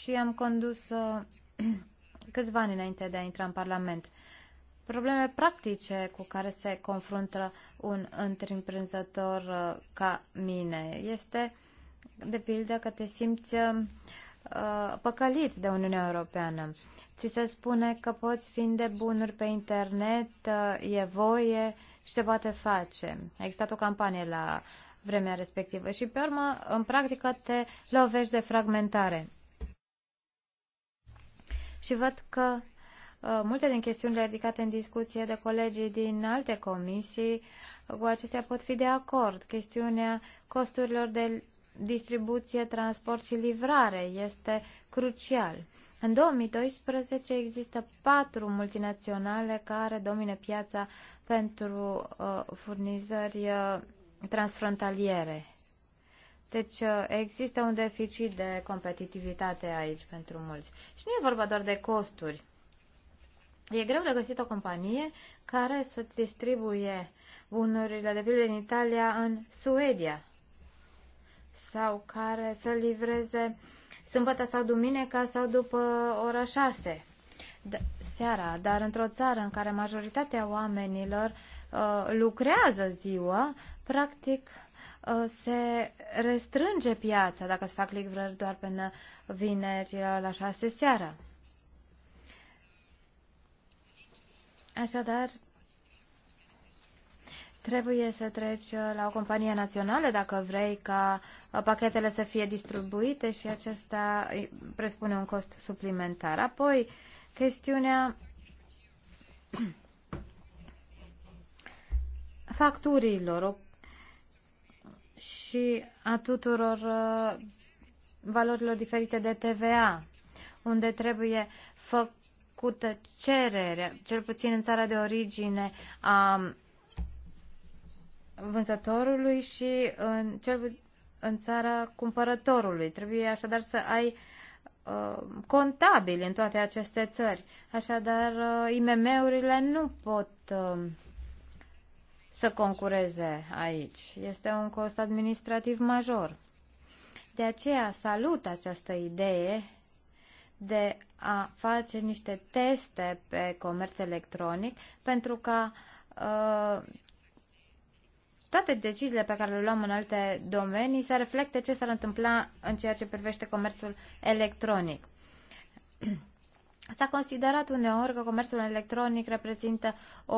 și am condus-o câțiva ani înainte de a intra în Parlament probleme practice cu care se confruntă un întreprinzător uh, ca mine. Este, de pildă, că te simți uh, păcălit de Uniunea Europeană. Ți se spune că poți vinde bunuri pe internet, uh, e voie și se poate face. A existat o campanie la vremea respectivă și, pe urmă, în practică te lovești de fragmentare. Și văd că Uh, multe din chestiunile ridicate în discuție de colegii din alte comisii, uh, cu acestea pot fi de acord. Chestiunea costurilor de distribuție, transport și livrare este crucial. În 2012 există patru multinaționale care domină piața pentru uh, furnizări uh, transfrontaliere. Deci uh, există un deficit de competitivitate aici pentru mulți. Și nu e vorba doar de costuri. E greu de găsit o companie care să-ți distribuie bunurile, de pildă, în Italia, în Suedia, sau care să livreze sâmbătă sau duminica sau după ora 6 seara, dar într-o țară în care majoritatea oamenilor uh, lucrează ziua, practic uh, se restrânge piața dacă se fac livrări doar până vineri uh, la 6 seara. Așadar, Trebuie să treci uh, la o companie națională dacă vrei ca uh, pachetele să fie distribuite și acesta presupune un cost suplimentar. Apoi, chestiunea facturilor și a tuturor uh, valorilor diferite de TVA, unde trebuie făcut făcută cerere, cel puțin în țara de origine, a vânzătorului și în, cel, în țara cumpărătorului. Trebuie așadar să ai uh, contabili în toate aceste țări. Așadar, uh, IMM-urile nu pot uh, să concureze aici. Este un cost administrativ major. De aceea salut această idee de a face niște teste pe comerț electronic pentru ca uh, toate deciziile pe care le luăm în alte domenii să reflecte ce s-ar întâmpla în ceea ce privește comerțul electronic. S-a considerat uneori că comerțul electronic reprezintă o,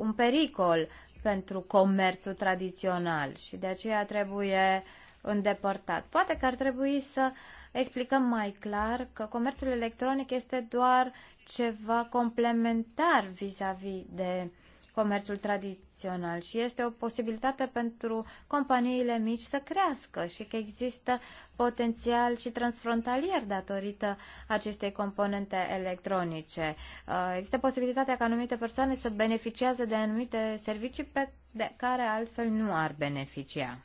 un pericol pentru comerțul tradițional și de aceea trebuie uh, îndepărtat. Poate că ar trebui să explicăm mai clar că comerțul electronic este doar ceva complementar vis-a-vis -vis de comerțul tradițional și este o posibilitate pentru companiile mici să crească și că există potențial și transfrontalier datorită acestei componente electronice. Uh, există posibilitatea ca anumite persoane să beneficiază de anumite servicii pe de care altfel nu ar beneficia.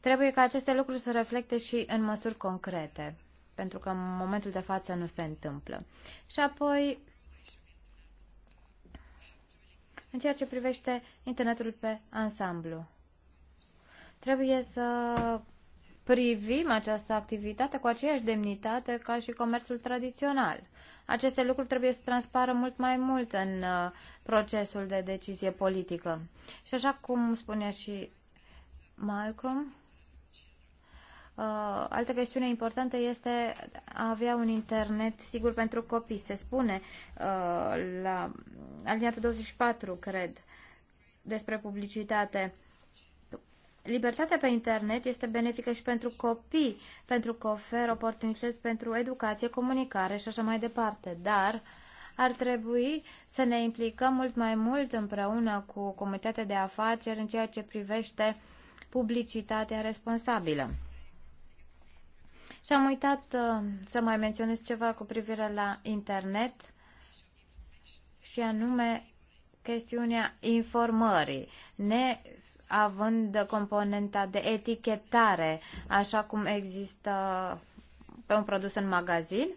Trebuie ca aceste lucruri să reflecte și în măsuri concrete, pentru că în momentul de față nu se întâmplă. Și apoi, în ceea ce privește internetul pe ansamblu, trebuie să privim această activitate cu aceeași demnitate ca și comerțul tradițional. Aceste lucruri trebuie să transpară mult mai mult în uh, procesul de decizie politică. Și așa cum spunea și Malcolm. Uh, altă chestiune importantă este a avea un internet sigur pentru copii. Se spune uh, la aliniatul 24, cred, despre publicitate. Libertatea pe internet este benefică și pentru copii, pentru că oferă oportunități pentru educație, comunicare și așa mai departe. Dar ar trebui să ne implicăm mult mai mult împreună cu comunitatea de afaceri în ceea ce privește uh, publicitatea responsabilă. Și am uitat uh, să mai menționez ceva cu privire la internet și anume chestiunea informării, ne având componenta de etichetare, așa cum există pe un produs în magazin,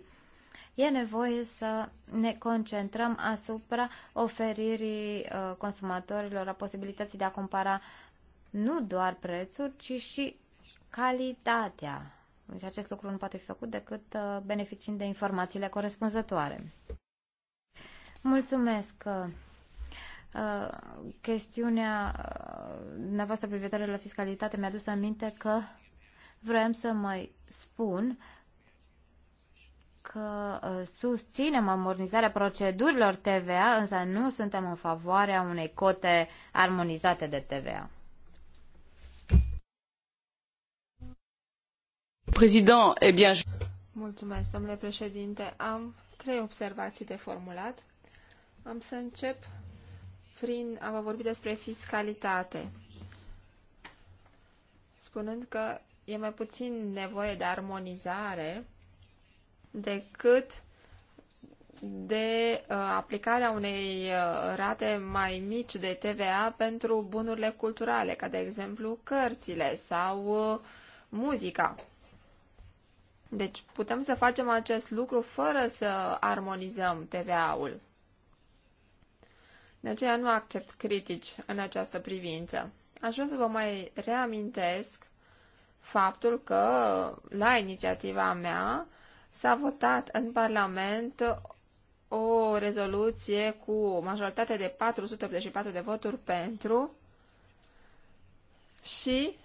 e nevoie să ne concentrăm asupra oferirii uh, consumatorilor a posibilității de a compara uh, nu doar prețul, ci și calitatea. Deci acest lucru nu poate fi făcut decât uh, beneficiind de informațiile corespunzătoare. Mulțumesc! Uh, chestiunea uh, dumneavoastră uh, privitoare la fiscalitate mi-a dus aminte că vreau să mai spun că uh, susținem armonizarea procedurilor TVA, însă nu suntem în favoarea unei cote armonizate de TVA. Eh Am trei observații de formulat. Am să încep prin a vă vorbi despre fiscalitate, spunând că e mai puțin nevoie de armonizare decât de uh, aplicarea unei uh, rate mai mici de TVA pentru bunurile culturale, ca de exemplu cărțile sau uh, muzica. Deci putem să facem acest lucru fără să armonizăm TVA-ul. De aceea nu accept critici în această privință. Aș vrea să vă mai reamintesc faptul că la inițiativa mea s-a votat în Parlament o rezoluție cu majoritate de 484 de voturi pentru și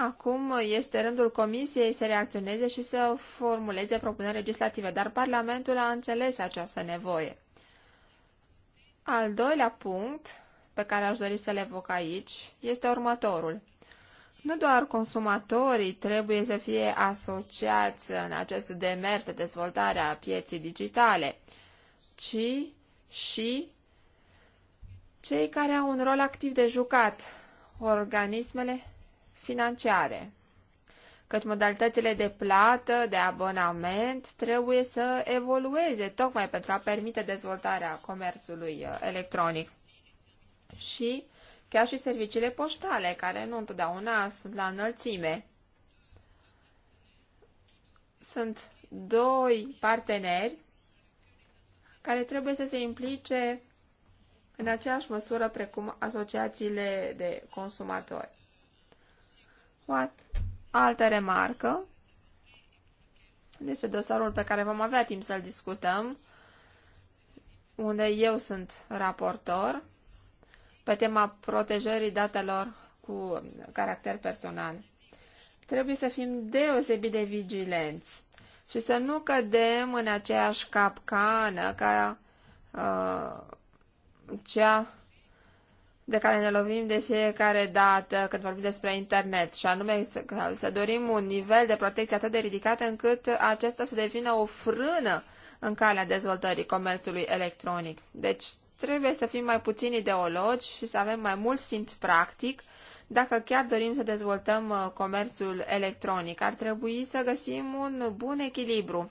Acum este rândul Comisiei să reacționeze și să formuleze propuneri legislative, dar Parlamentul a înțeles această nevoie. Al doilea punct pe care aș dori să le evoc aici este următorul. Nu doar consumatorii trebuie să fie asociați în acest demers de dezvoltare a pieții digitale, ci și cei care au un rol activ de jucat, organismele financiare, căci modalitățile de plată, de abonament trebuie să evolueze tocmai pentru a permite dezvoltarea comerțului uh, electronic. Și chiar și serviciile poștale, care nu întotdeauna sunt la înălțime. Sunt doi parteneri care trebuie să se implice în aceeași măsură precum asociațiile de consumatori. O altă remarcă despre dosarul pe care vom avea timp să-l discutăm, unde eu sunt raportor, pe tema protejării datelor cu caracter personal. Trebuie să fim deosebit de vigilenți și să nu cădem în aceeași capcană ca uh, cea de care ne lovim de fiecare dată când vorbim despre internet, și anume să, să dorim un nivel de protecție atât de ridicat încât acesta să devină o frână în calea dezvoltării comerțului electronic. Deci trebuie să fim mai puțini ideologi și să avem mai mult simț practic dacă chiar dorim să dezvoltăm uh, comerțul electronic. Ar trebui să găsim un bun echilibru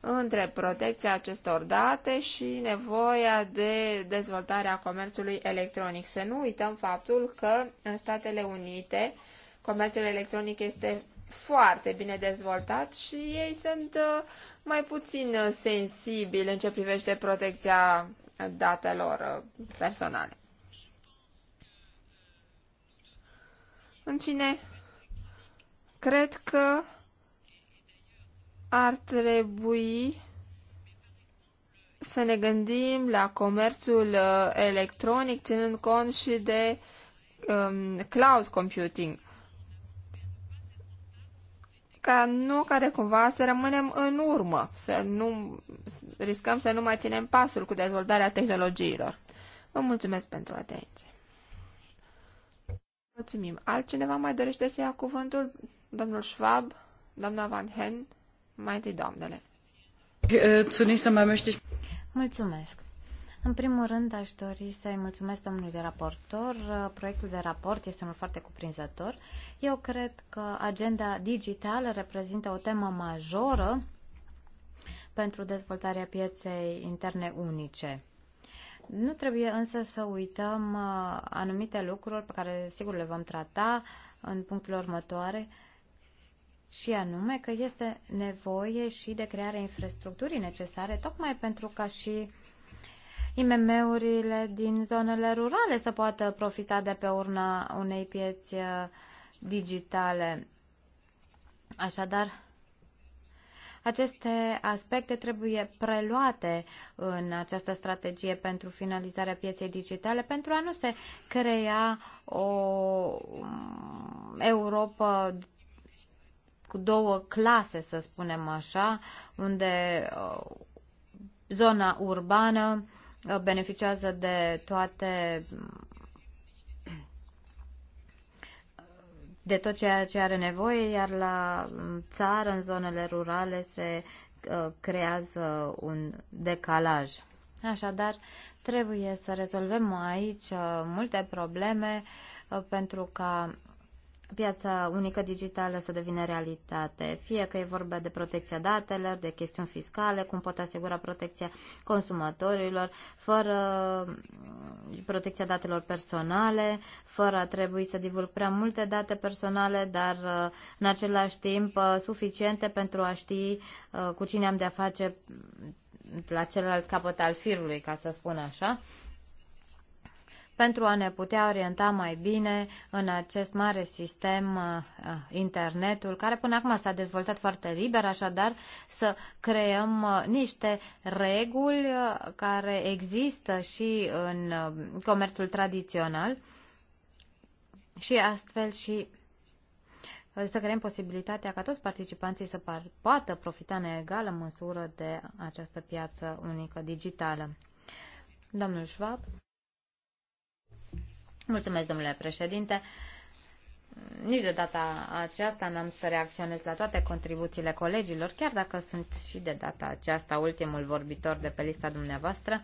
între protecția acestor date și nevoia de dezvoltarea comerțului electronic. Să nu uităm faptul că în Statele Unite comerțul electronic este foarte bine dezvoltat și ei sunt uh, mai puțin uh, sensibili în ce privește protecția datelor uh, personale. În fine, cred că ar trebui să ne gândim la comerțul uh, electronic, ținând cont și de um, cloud computing. Ca nu care cumva să rămânem în urmă, să nu riscăm să nu mai ținem pasul cu dezvoltarea tehnologiilor. Vă mulțumesc pentru atenție. Mulțumim. Altcineva mai dorește să ia cuvântul? Domnul Schwab? Doamna Van Hen? Mai întâi, doamnele. Mulțumesc. În primul rând, aș dori să-i mulțumesc domnului de raportor. Proiectul de raport este unul foarte cuprinzător. Eu cred că agenda digitală reprezintă o temă majoră pentru dezvoltarea pieței interne unice. Nu trebuie însă să uităm uh, anumite lucruri pe care sigur le vom trata în punctul următoare, și anume că este nevoie și de crearea infrastructurii necesare, tocmai pentru ca și IMM-urile din zonele rurale să poată profita de pe urna unei pieți uh, digitale. Așadar, aceste aspecte trebuie preluate în această strategie pentru finalizarea pieței digitale pentru a nu se crea o um, Europa cu două clase, să spunem așa, unde uh, zona urbană uh, beneficiază de toate de tot ceea ce are nevoie, iar la um, țară, în zonele rurale, se uh, creează un decalaj. Așadar, trebuie să rezolvăm aici multe probleme pentru ca piața unică digitală să devină realitate, fie că e vorba de protecția datelor, de chestiuni fiscale, cum pot asigura protecția consumatorilor, fără mm, protecția datelor personale, fără a trebui să divulg prea multe date personale, dar uh, în același timp uh, suficiente pentru a ști uh, cu cine am de-a face mm, la celălalt capăt al firului, ca să spun așa pentru a ne putea orienta mai bine în acest mare sistem uh, uh, internetul, care până acum s-a dezvoltat foarte liber, așadar să creăm uh, niște reguli care există și în comerțul tradițional și astfel și să creăm posibilitatea ca toți participanții să par, poată profita în egală măsură de această piață unică digitală. Domnul Schwab. Mulțumesc, domnule președinte. Nici de data aceasta n-am să reacționez la toate contribuțiile colegilor, chiar dacă sunt și de data aceasta ultimul vorbitor de pe lista dumneavoastră.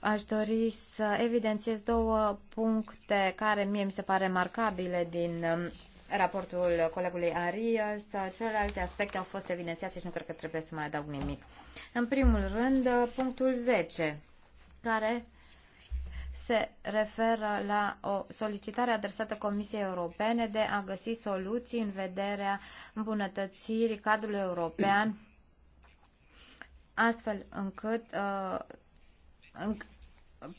Aș dori să evidențiez două puncte care mie mi se pare marcabile din um, raportul colegului Arias. Celelalte aspecte au fost evidențiate și nu cred că trebuie să mai adaug nimic. În primul rând, punctul 10, care se referă la o solicitare adresată Comisiei Europene de a găsi soluții în vederea îmbunătățirii cadrului european, astfel încât uh,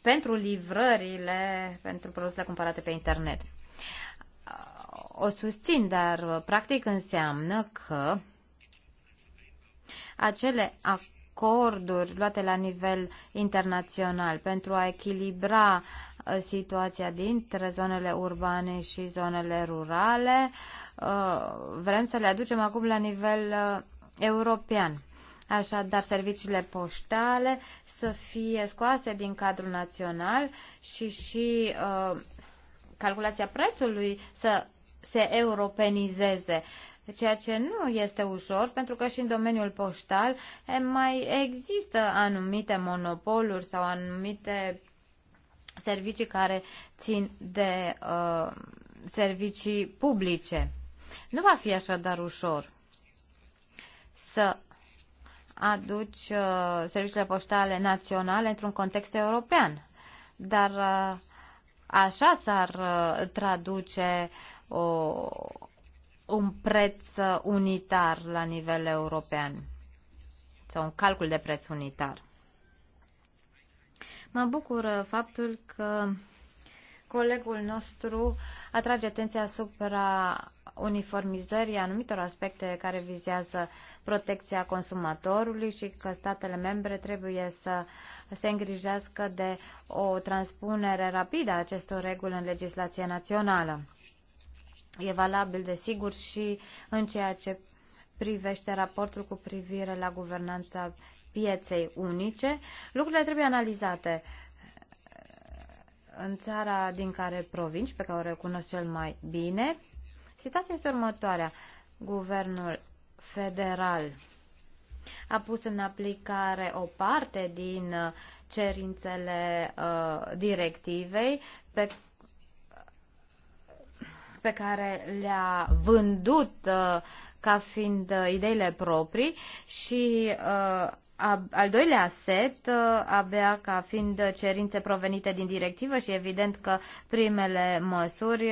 pentru livrările, pentru produsele cumpărate pe internet. O susțin, dar practic înseamnă că acele acorduri acorduri luate la nivel internațional pentru a echilibra uh, situația dintre zonele urbane și zonele rurale. Uh, vrem să le aducem acum la nivel uh, european. Așadar, serviciile poștale să fie scoase din cadrul național și și uh, calculația prețului să se europenizeze ceea ce nu este ușor, pentru că și în domeniul poștal mai există anumite monopoluri sau anumite servicii care țin de uh, servicii publice. Nu va fi așadar ușor să aduci uh, serviciile poștale naționale într-un context european. Dar uh, așa s-ar uh, traduce o, un preț unitar la nivel european sau un calcul de preț unitar. Mă bucur faptul că colegul nostru atrage atenția asupra uniformizării anumitor aspecte care vizează protecția consumatorului și că statele membre trebuie să se îngrijească de o transpunere rapidă a acestor reguli în legislația națională. E valabil, desigur, și în ceea ce privește raportul cu privire la guvernanța pieței unice. Lucrurile trebuie analizate în țara din care provinci, pe care o recunosc cel mai bine. Situația este următoarea. Guvernul federal a pus în aplicare o parte din cerințele uh, directivei pe pe care le-a vândut uh, ca fiind uh, ideile proprii și uh, al doilea set, abia ca fiind cerințe provenite din directivă și evident că primele măsuri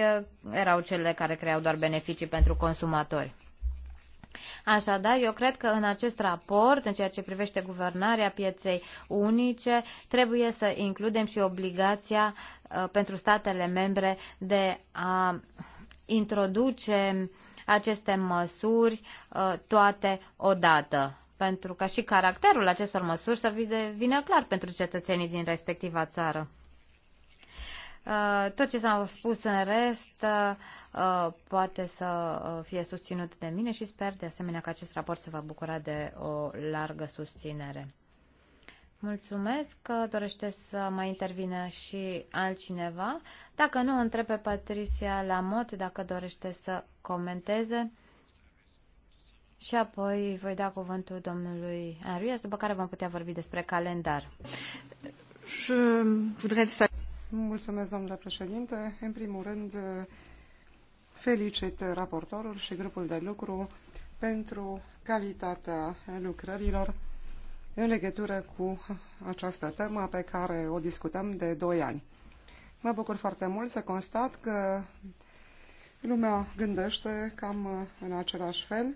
erau cele care creau doar beneficii pentru consumatori. Așadar, eu cred că în acest raport, în ceea ce privește guvernarea pieței unice, trebuie să includem și obligația uh, pentru statele membre de a uh, introduce aceste măsuri uh, toate odată pentru ca și caracterul acestor măsuri să devină clar pentru cetățenii din respectiva țară. Uh, tot ce s-a spus în rest uh, poate să fie susținut de mine și sper de asemenea că acest raport se va bucura de o largă susținere. Mulțumesc că dorește să mai intervine și altcineva. Dacă nu, întrebe Patricia Patricia Lamot dacă dorește să comenteze. Și apoi voi da cuvântul domnului Arias, după care vom putea vorbi despre calendar. să Mulțumesc, domnule președinte. În primul rând, felicit raportorul și grupul de lucru pentru calitatea lucrărilor în legătură cu această temă pe care o discutăm de 2 ani. Mă bucur foarte mult să constat că lumea gândește cam în același fel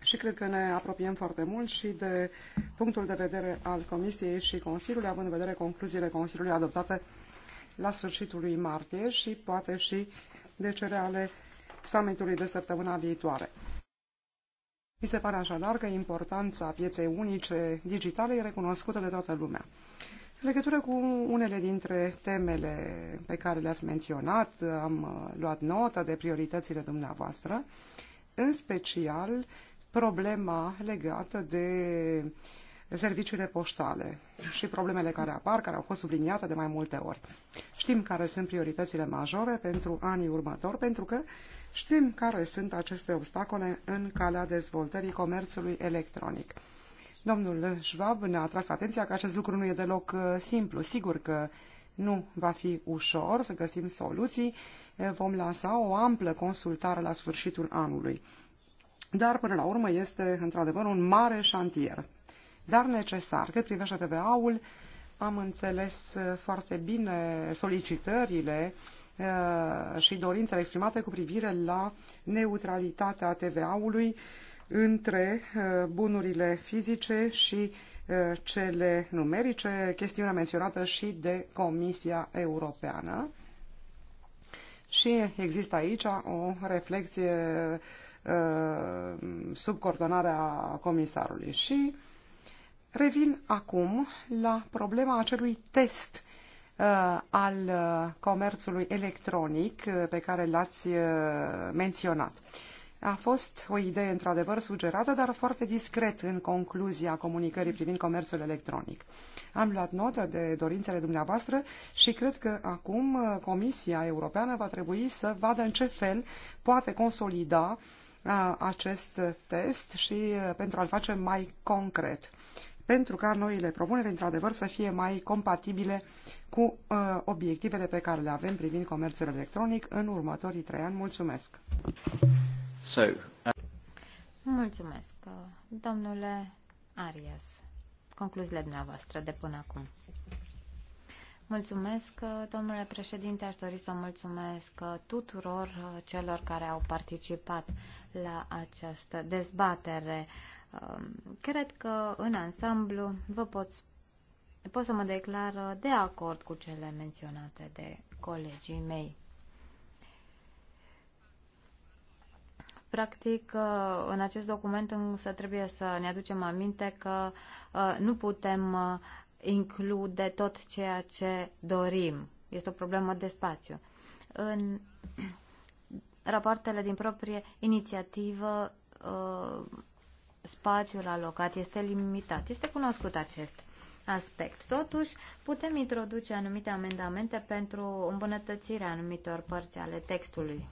și cred că ne apropiem foarte mult și de punctul de vedere al Comisiei și Consiliului, având în vedere concluziile Consiliului adoptate la sfârșitul lui martie și poate și de cele ale summitului de săptămâna viitoare. Mi se pare așadar că importanța pieței unice digitale e recunoscută de toată lumea. În legătură cu unele dintre temele pe care le-ați menționat, am uh, luat notă de prioritățile dumneavoastră, în special problema legată de serviciile poștale și problemele care apar, care au fost subliniate de mai multe ori. Știm care sunt prioritățile majore pentru anii următori, pentru că Știm care sunt aceste obstacole în calea dezvoltării comerțului electronic. Domnul Schwab ne-a atras atenția că acest lucru nu e deloc uh, simplu. Sigur că nu va fi ușor să găsim soluții. Vom lansa o amplă consultare la sfârșitul anului. Dar, până la urmă, este într-adevăr un mare șantier. Dar necesar. Cât privește TVA-ul, am înțeles uh, foarte bine solicitările uh, Uh, și dorințele exprimate cu privire la neutralitatea TVA-ului între uh, bunurile fizice și uh, cele numerice, chestiunea menționată și de Comisia Europeană. Și există aici o reflexie sub coordonarea comisarului. Și revin acum la problema acelui test Uh, al uh, comerțului electronic uh, pe care l-ați menționat. A fost o idee într-adevăr sugerată, dar foarte discret în concluzia comunicării privind comerțul electronic. Am luat notă de dorințele dumneavoastră și cred că acum Comisia Europeană va trebui să vadă în ce fel poate consolida acest test și pentru a-l face mai concret pentru ca noile propuneri, într-adevăr, să fie mai compatibile cu uh, obiectivele pe care le avem privind comerțul electronic în următorii trei ani. Mulțumesc! So, uh... Mulțumesc, domnule Arias. Concluziile dumneavoastră de până acum. Mulțumesc, domnule președinte. Aș dori să mulțumesc tuturor celor care au participat la această dezbatere. Um, cred că în ansamblu vă pot, pot să mă declar uh, de acord cu cele menționate de colegii mei. Practic, uh, în acest document însă trebuie să ne aducem aminte că uh, nu putem include tot ceea ce dorim. Este o problemă de spațiu. În rapoartele din proprie inițiativă spațiul alocat este limitat. Este cunoscut acest aspect. Totuși, putem introduce anumite amendamente pentru îmbunătățirea anumitor părți ale textului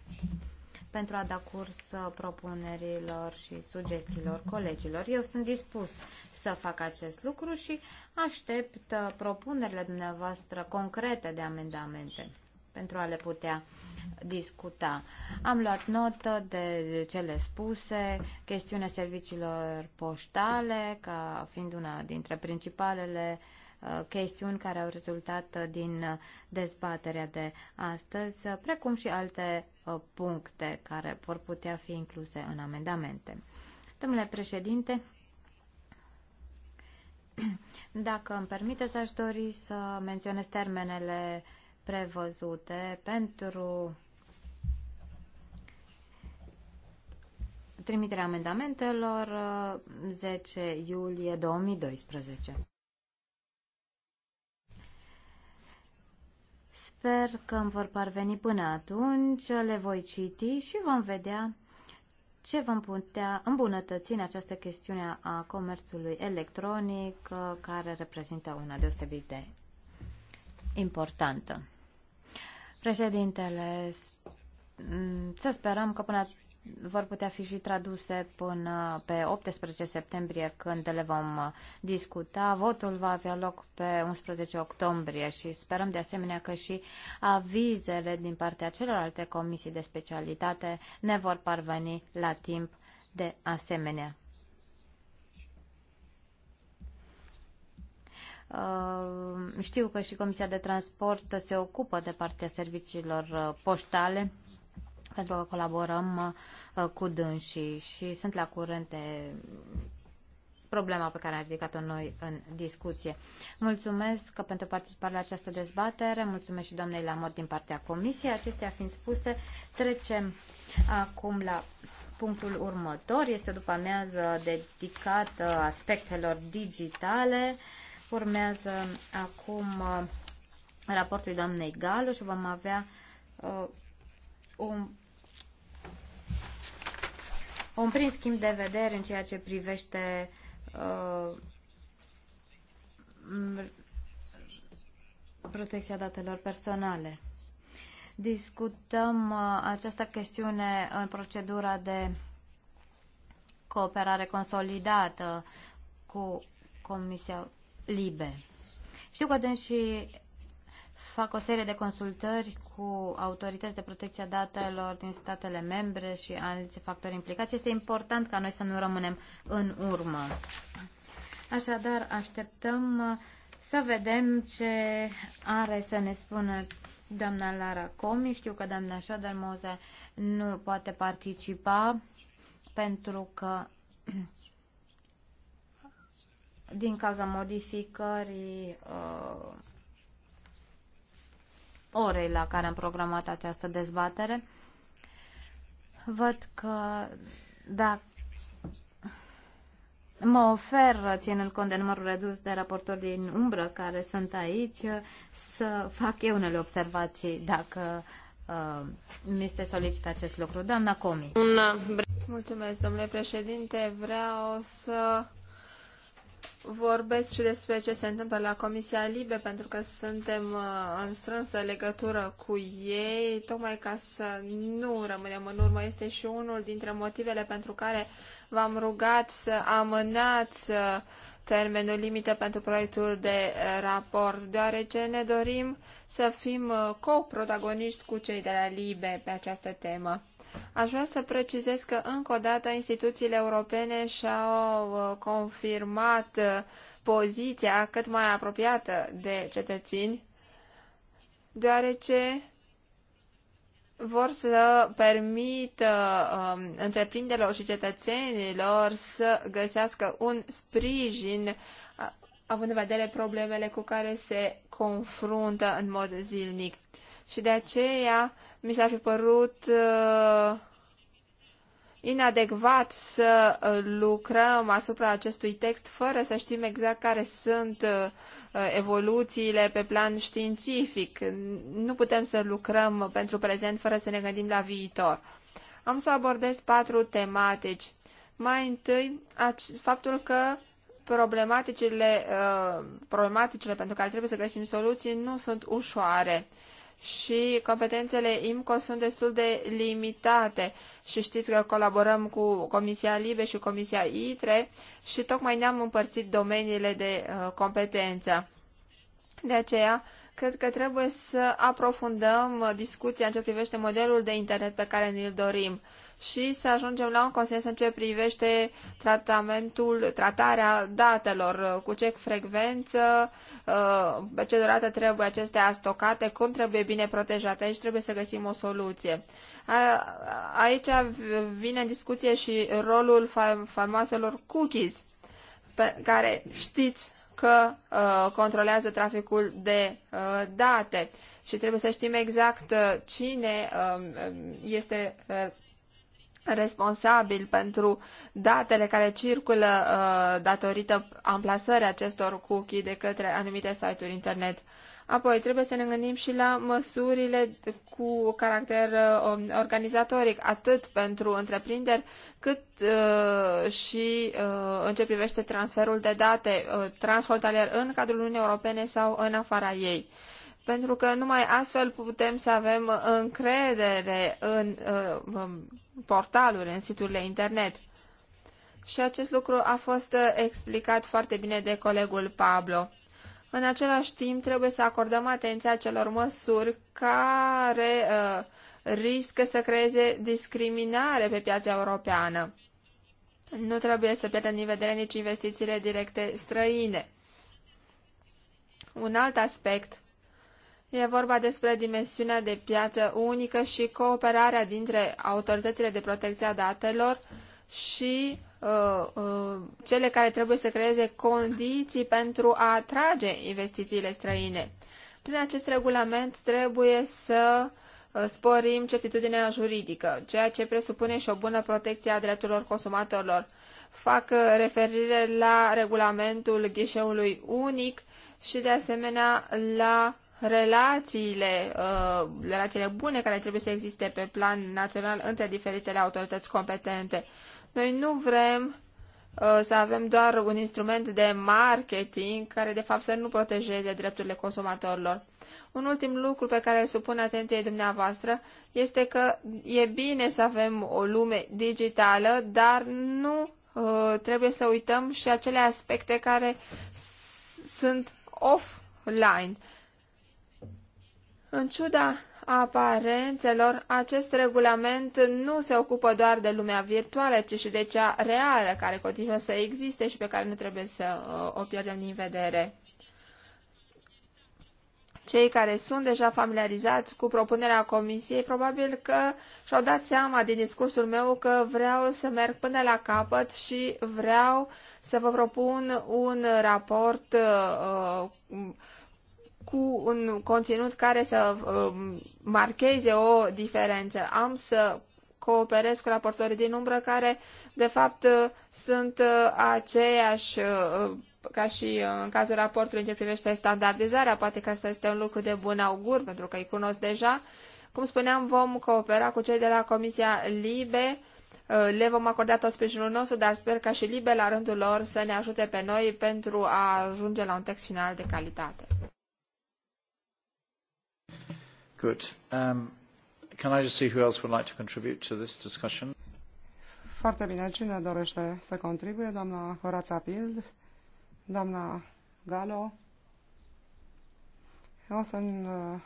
pentru a da curs uh, propunerilor și sugestiilor colegilor. Eu sunt dispus să fac acest lucru și aștept uh, propunerile dumneavoastră concrete de amendamente pentru a le putea discuta. Am luat notă de cele spuse, chestiunea serviciilor poștale, ca fiind una dintre principalele uh, chestiuni care au rezultat din dezbaterea de astăzi, precum și alte uh, puncte care vor putea fi incluse în amendamente. Domnule președinte, dacă îmi permiteți, aș dori să menționez termenele uh, prevăzute pentru trimiterea amendamentelor 10 uh, iulie 2012. Sper că îmi vor parveni până atunci, le voi citi și vom vedea ce vom putea îmbunătăți în această chestiune a comerțului electronic, uh, care reprezintă una deosebit de importantă. Președintele, să sperăm că până vor putea fi și traduse până pe 18 septembrie când le vom discuta. Votul va avea loc pe 11 octombrie și sperăm de asemenea că și avizele din partea celorlalte comisii de specialitate ne vor parveni la timp de asemenea. Uh, știu că și Comisia de Transport se ocupă de partea serviciilor uh, poștale pentru că colaborăm uh, cu dânsii și sunt la curent de problema pe care am ridicat-o noi în discuție. Mulțumesc pentru participare la această dezbatere, mulțumesc și doamnei Lamot din partea Comisiei. Acestea fiind spuse, trecem acum la punctul următor. Este o după amiază dedicată aspectelor digitale. Urmează acum uh, raportul doamnei Galu și vom avea uh, un, un prim schimb de vedere în ceea ce privește uh, protecția datelor personale. Discutăm uh, această chestiune în procedura de cooperare consolidată cu Comisia liber. Știu că și fac o serie de consultări cu autorități de protecție a datelor din statele membre și alți factori implicați. Este important ca noi să nu rămânem în urmă. Așadar, așteptăm uh, să vedem ce are să ne spună doamna Lara Comi. Știu că doamna Șodor Moze nu poate participa pentru că din cauza modificării uh, orei la care am programat această dezbatere, văd că dacă mă ofer, ținând cont de numărul redus de raportori din umbră care sunt aici, să fac eu unele observații dacă uh, mi se solicită acest lucru. Doamna Comi. Uh, Mulțumesc, domnule președinte. Vreau să vorbesc și despre ce se întâmplă la Comisia Libe, pentru că suntem uh, în strânsă legătură cu ei, tocmai ca să nu rămânem în urmă. Este și unul dintre motivele pentru care v-am rugat să amânați uh, termenul limită pentru proiectul de uh, raport, deoarece ne dorim să fim coprotagoniști cu cei de la Libe pe această temă. Aș vrea să precizez că încă o dată instituțiile europene și-au uh, confirmat uh, poziția cât mai apropiată de cetățeni, deoarece vor să permită um, întreprinderilor și cetățenilor să găsească un sprijin uh, având în vedere problemele cu care se confruntă în mod zilnic și de aceea mi s-ar fi părut uh, inadecvat să uh, lucrăm asupra acestui text fără să știm exact care sunt uh, evoluțiile pe plan științific. Nu putem să lucrăm pentru prezent fără să ne gândim la viitor. Am să abordez patru tematici. Mai întâi, faptul că problematicile, uh, problematicile pentru care trebuie să găsim soluții nu sunt ușoare și competențele IMCO sunt destul de limitate și știți că colaborăm cu Comisia Libe și Comisia ITRE și tocmai ne-am împărțit domeniile de uh, competență. De aceea, cred că trebuie să aprofundăm uh, discuția în ce privește modelul de internet pe care ne-l dorim și să ajungem la un consens în ce privește tratamentul, tratarea datelor, uh, cu ce frecvență, uh, pe ce durată trebuie acestea stocate, cum trebuie bine protejate. Aici trebuie să găsim o soluție. A, aici vine în discuție și rolul faimoaselor cookies, pe care știți că uh, controlează traficul de uh, date și trebuie să știm exact uh, cine um, uh, este responsabil pentru datele care circulă uh, datorită amplasării acestor cookie de către anumite site-uri internet. Apoi trebuie să ne gândim și la măsurile cu caracter uh, organizatoric, atât pentru întreprinderi, cât uh, și uh, în ce privește transferul de date uh, transfrontalier în cadrul Uniunii Europene sau în afara ei. Uh, pentru că numai astfel putem să avem încredere în, uh, în portaluri, în siturile internet. Și acest lucru a fost uh, explicat foarte bine de colegul Pablo. În același timp, trebuie să acordăm atenția celor măsuri care uh, riscă să creeze discriminare pe piața europeană. Nu trebuie să pierdem din vedere nici investițiile directe străine. Un alt aspect E vorba despre dimensiunea de piață unică și cooperarea dintre autoritățile de protecție a datelor și uh, uh, cele care trebuie să creeze condiții pentru a atrage investițiile străine. Prin acest regulament trebuie să uh, sporim certitudinea juridică, ceea ce presupune și o bună protecție a drepturilor consumatorilor. Fac uh, referire la regulamentul ghișeului unic și de asemenea la relațiile, uh, relațiile bune care trebuie să existe pe plan național între diferitele autorități competente. Noi nu vrem uh, să avem doar un instrument de marketing care de fapt să nu protejeze drepturile consumatorilor. Un ultim lucru pe care îl supun atenției dumneavoastră este că e bine să avem o lume digitală, dar nu uh, trebuie să uităm și acele aspecte care sunt offline în ciuda aparențelor, acest regulament nu se ocupă doar de lumea virtuală, ci și de cea reală, care continuă să existe și pe care nu trebuie să uh, o pierdem din vedere. Cei care sunt deja familiarizați cu propunerea comisiei, probabil că și-au dat seama din discursul meu că vreau să merg până la capăt și vreau să vă propun un raport uh, uh cu un conținut care să um, marcheze o diferență. Am să cooperez cu raportorii din umbră care, de fapt, uh, sunt uh, aceiași uh, ca și în cazul raportului în ce privește standardizarea, poate că asta este un lucru de bun augur, pentru că îi cunosc deja. Cum spuneam, vom coopera cu cei de la Comisia LIBE, le vom acorda tot sprijinul nostru, dar sper ca și LIBE la rândul lor să ne ajute pe noi pentru a ajunge la un text final de calitate. Good. Um, can I just see who else would like to contribute to this discussion? Foarte bine. Cine dorește să contribuie? Doamna Horața Pild, doamna Galo. O să uh,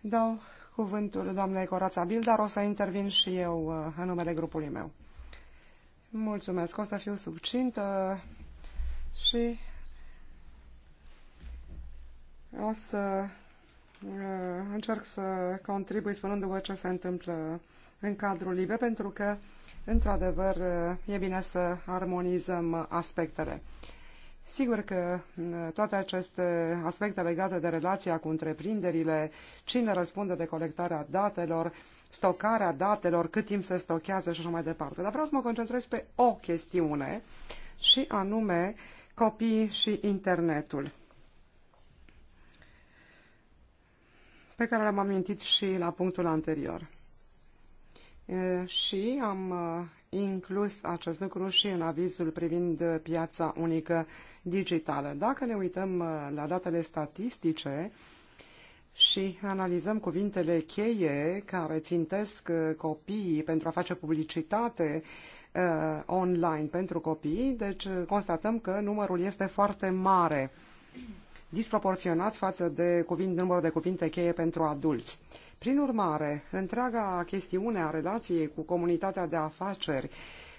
dau cuvântul doamnei Corața Bild, dar o să intervin și eu uh, în numele grupului meu. Mulțumesc, o să fiu subcintă și o să Eh, încerc să contribui spunându-vă ce se întâmplă în cadrul LIBE, pentru că, într-adevăr, eh, e bine să armonizăm aspectele. Sigur că eh, toate aceste aspecte legate de relația cu întreprinderile, cine răspunde de colectarea datelor, stocarea datelor, cât timp se stochează și așa mai departe. Dar vreau să mă concentrez pe o chestiune și anume copii și internetul. pe care l-am amintit și la punctul anterior. Și am uh, inclus acest lucru și în avizul privind piața unică digitală. Dacă ne uităm uh, la datele statistice și analizăm cuvintele cheie care țintesc uh, copiii pentru a face publicitate online pentru copii, deci constatăm că numărul este foarte mare disproporționat față de cuvinte, numărul de cuvinte cheie pentru adulți. Prin urmare, întreaga chestiune a relației cu comunitatea de afaceri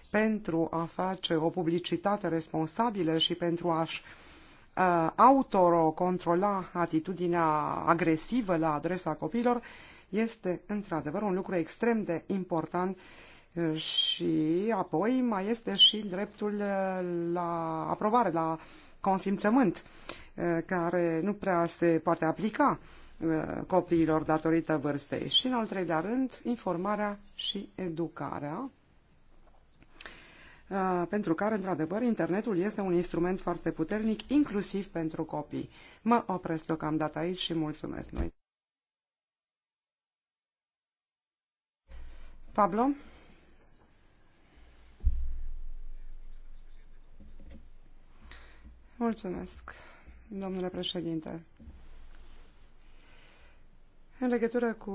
pentru a face o publicitate responsabilă și pentru a-și uh, autorocontrola atitudinea agresivă la adresa copilor este într-adevăr un lucru extrem de important și apoi mai este și dreptul uh, la aprobare, la consimțământ uh, care nu prea se poate aplica uh, copiilor datorită vârstei. Și în al treilea rând, informarea și educarea uh, pentru care, într-adevăr, internetul este un instrument foarte puternic, inclusiv pentru copii. Mă opresc deocamdată aici și mulțumesc noi. Pablo? Mulțumesc, domnule președinte. În legătură cu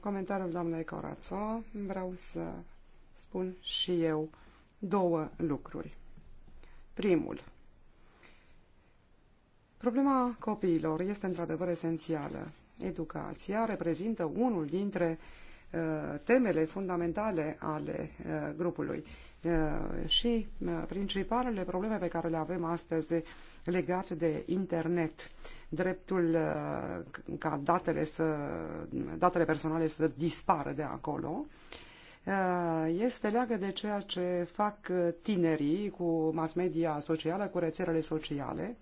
comentariul doamnei Corața, vreau să spun și eu două lucruri. Primul, problema copiilor este într-adevăr esențială. Educația reprezintă unul dintre uh, Uh, temele fundamentale ale uh, grupului uh, și principalele probleme pe care le avem astăzi legate de internet, dreptul ca datele, să, datele personale să dispară de acolo, este leagă de ceea ce fac tinerii cu mass media socială, cu rețelele sociale,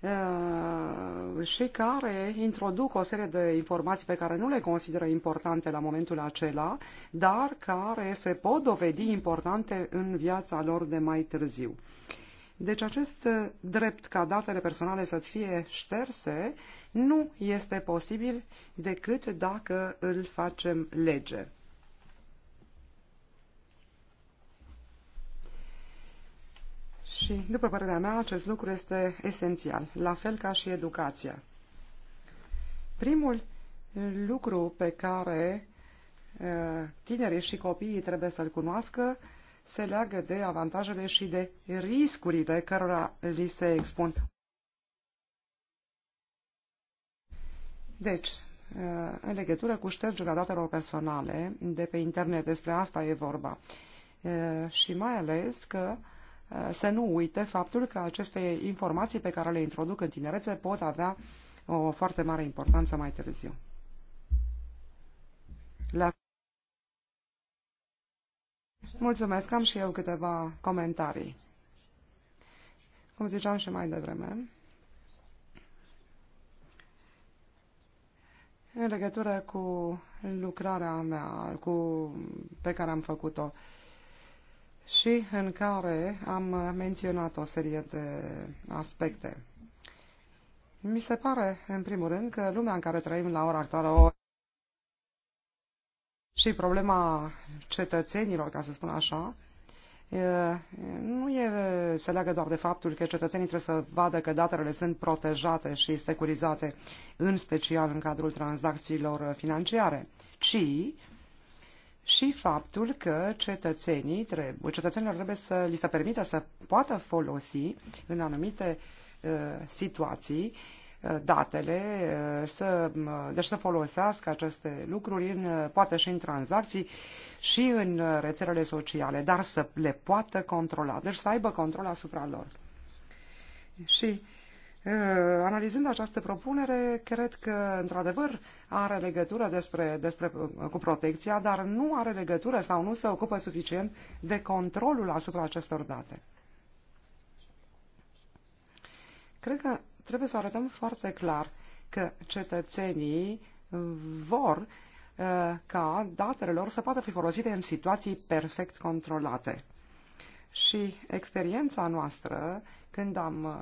Uh, și care introduc o serie de informații pe care nu le consideră importante la momentul acela, dar care se pot dovedi importante în viața lor de mai târziu. Deci acest drept ca datele personale să fie șterse nu este posibil decât dacă îl facem lege. Și, după părerea mea, acest lucru este esențial, la fel ca și educația. Primul lucru pe care uh, tinerii și copiii trebuie să-l cunoască se leagă de avantajele și de riscurile cărora li se expun. Deci, uh, în legătură cu ștergerea datelor personale de pe internet, despre asta e vorba. Uh, și mai ales că uh, Uh, să nu uite faptul că aceste informații pe care le introduc în tinerețe pot avea o foarte mare importanță mai târziu. La... Mulțumesc, am și eu câteva comentarii. Cum ziceam și mai devreme, în legătură cu lucrarea mea cu, pe care am făcut-o, uh, și în care am menționat o serie de aspecte. Mi se pare, în primul rând, că lumea în care trăim la ora actuală o... și problema cetățenilor, ca să spun așa, nu e, se leagă doar de faptul că cetățenii trebuie să vadă că datele sunt protejate și securizate, în special în cadrul tranzacțiilor financiare, ci și faptul că cetățenii trebuie, cetățenilor trebuie să li se permită să poată folosi în anumite uh, situații uh, datele, uh, să, uh, deci să folosească aceste lucruri în, poate și în tranzacții și în rețelele sociale, dar să le poată controla, deci să aibă control asupra lor. Și uh, Uh, analizând această propunere, cred că, într-adevăr, are legătură despre, despre, uh, cu protecția, dar nu are legătură sau nu se ocupă suficient de controlul asupra acestor date. Cred că trebuie să arătăm foarte clar că cetățenii vor uh, ca datele lor să poată fi folosite în situații perfect controlate. Și experiența noastră uh, când am uh,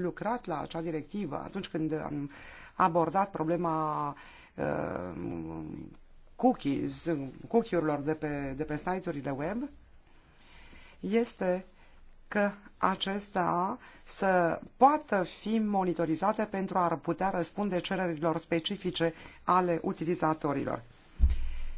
lucrat la acea directivă, atunci când am abordat problema uh, cookies, cookie-urilor de pe, de pe site-urile web, este că acestea să poată fi monitorizate pentru a putea răspunde cererilor specifice ale utilizatorilor.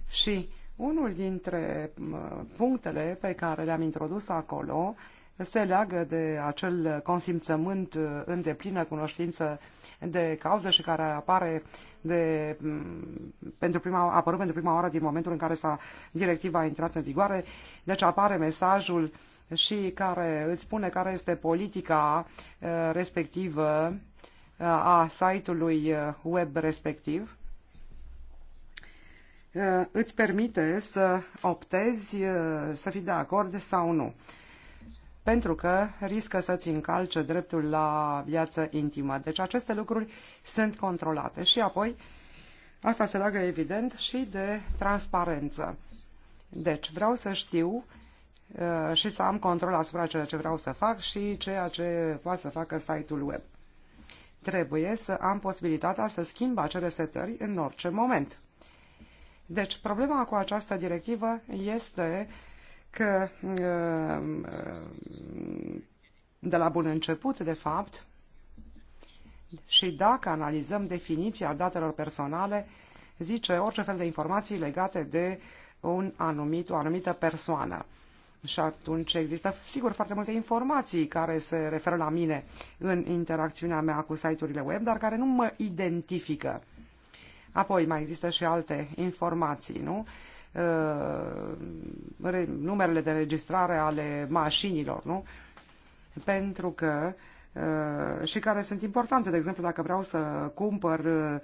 Și unul dintre uh, punctele pe care le-am introdus acolo se leagă de acel consimțământ uh, în deplină cunoștință de cauză și care apare de, mm, pentru prima, a apărut pentru prima oară din momentul în care s-a, directiva a intrat în vigoare. Deci apare mesajul și care îți spune care este politica uh, respectivă uh, a site-ului web respectiv îți permite să optezi, să fii de acord sau nu pentru că riscă să-ți încalce dreptul la viață intimă. Deci aceste lucruri sunt controlate. Și apoi, asta se leagă evident și de transparență. Deci vreau să știu uh, și să am control asupra ceea ce vreau să fac și ceea ce poate să facă site-ul web. Trebuie să am posibilitatea să schimb acele setări în orice moment. Deci, problema cu această directivă este uh, Uh, de la bun început, de fapt, și dacă analizăm definiția datelor personale, zice orice fel de informații legate de un anumit, o anumită persoană. Și atunci există, sigur, foarte multe informații care se referă la mine în interacțiunea mea cu site-urile web, dar care nu mă identifică. Apoi mai există și alte informații, nu? Uh, uh, numerele de registrare ale mașinilor, nu? Pentru că uh, și care sunt importante, de exemplu, dacă vreau să cumpăr uh,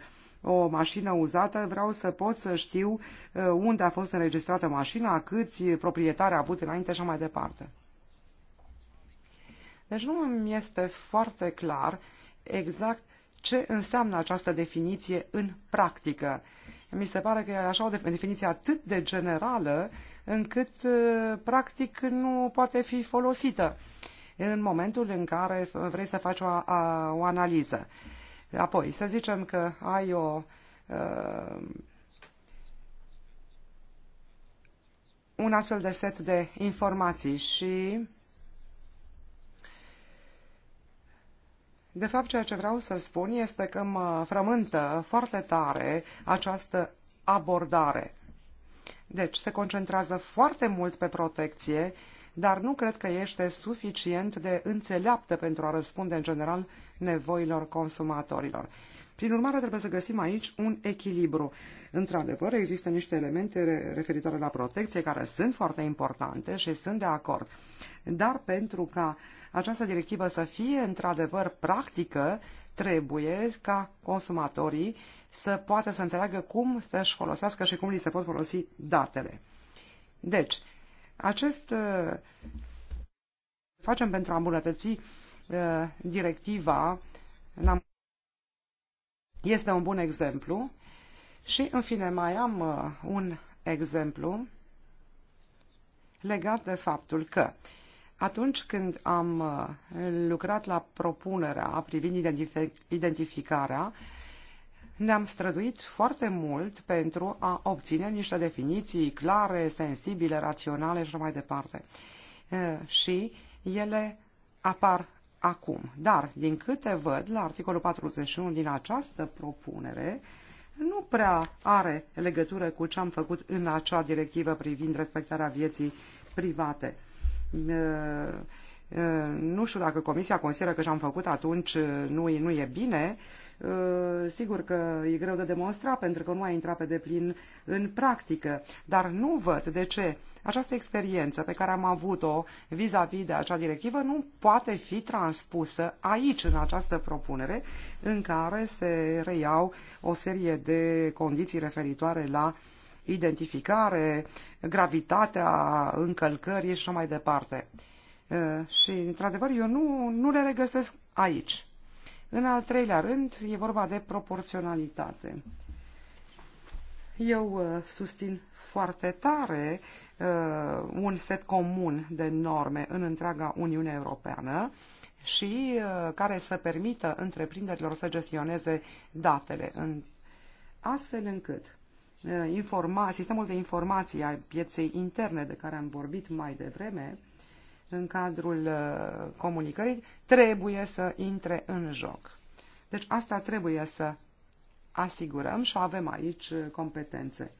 o mașină uzată, vreau să pot să știu uh, unde a fost înregistrată mașina, câți proprietari a avut înainte și mai departe. Deci nu îmi este foarte clar exact ce înseamnă această definiție în practică mi se pare că e așa o definiție atât de generală încât uh, practic nu poate fi folosită în momentul în care vrei să faci o, a, o analiză. Apoi, să zicem că ai o A, uh, un astfel de set de informații și De fapt, ceea ce vreau să spun este că mă frământă foarte tare această abordare. Deci, se concentrează foarte mult pe protecție, dar nu cred că este suficient de înțeleaptă pentru a răspunde, în general, nevoilor consumatorilor. Prin urmare, trebuie să găsim aici un echilibru. Într-adevăr, există niște elemente referitoare la protecție care sunt foarte importante și sunt de acord. Dar pentru ca uh, această directivă să fie într-adevăr practică, trebuie ca consumatorii să poată să înțeleagă cum să-și folosească și cum li se pot folosi datele. Deci, acest uh, facem pentru a îmbunătăți uh, directiva este un bun exemplu și, în fine, mai am uh, un exemplu legat de faptul că uh, atunci când am uh, lucrat la propunerea privind identificarea, ne-am străduit foarte mult pentru a obține niște definiții clare, sensibile, raționale și mai departe. Uh, și ele apar acum. Dar, din câte văd, la articolul 41 din această propunere, nu prea are legătură cu ce am făcut în acea directivă privind respectarea vieții private. Uh, uh, nu știu dacă Comisia consideră că ce-am făcut atunci uh, nu nu e bine, sigur că e greu de demonstrat pentru că nu a intrat pe deplin în practică, dar nu văd de ce această experiență pe care am avut-o vis-a-vis de acea directivă nu poate fi transpusă aici, în această propunere, în care se reiau o serie de condiții referitoare la uh, identificare, gravitatea încălcării și așa mai departe. Și, într-adevăr, eu nu, nu le regăsesc aici. În al treilea rând, e vorba de proporționalitate. Eu susțin foarte tare uh, un set comun de norme în întreaga Uniune Europeană și uh, care să permită întreprinderilor să gestioneze datele, în, astfel încât Uh, informa, sistemul de informații a pieței interne de care am vorbit mai devreme în cadrul uh, comunicării trebuie să intre în joc. Deci asta trebuie să asigurăm și avem aici uh, competențe.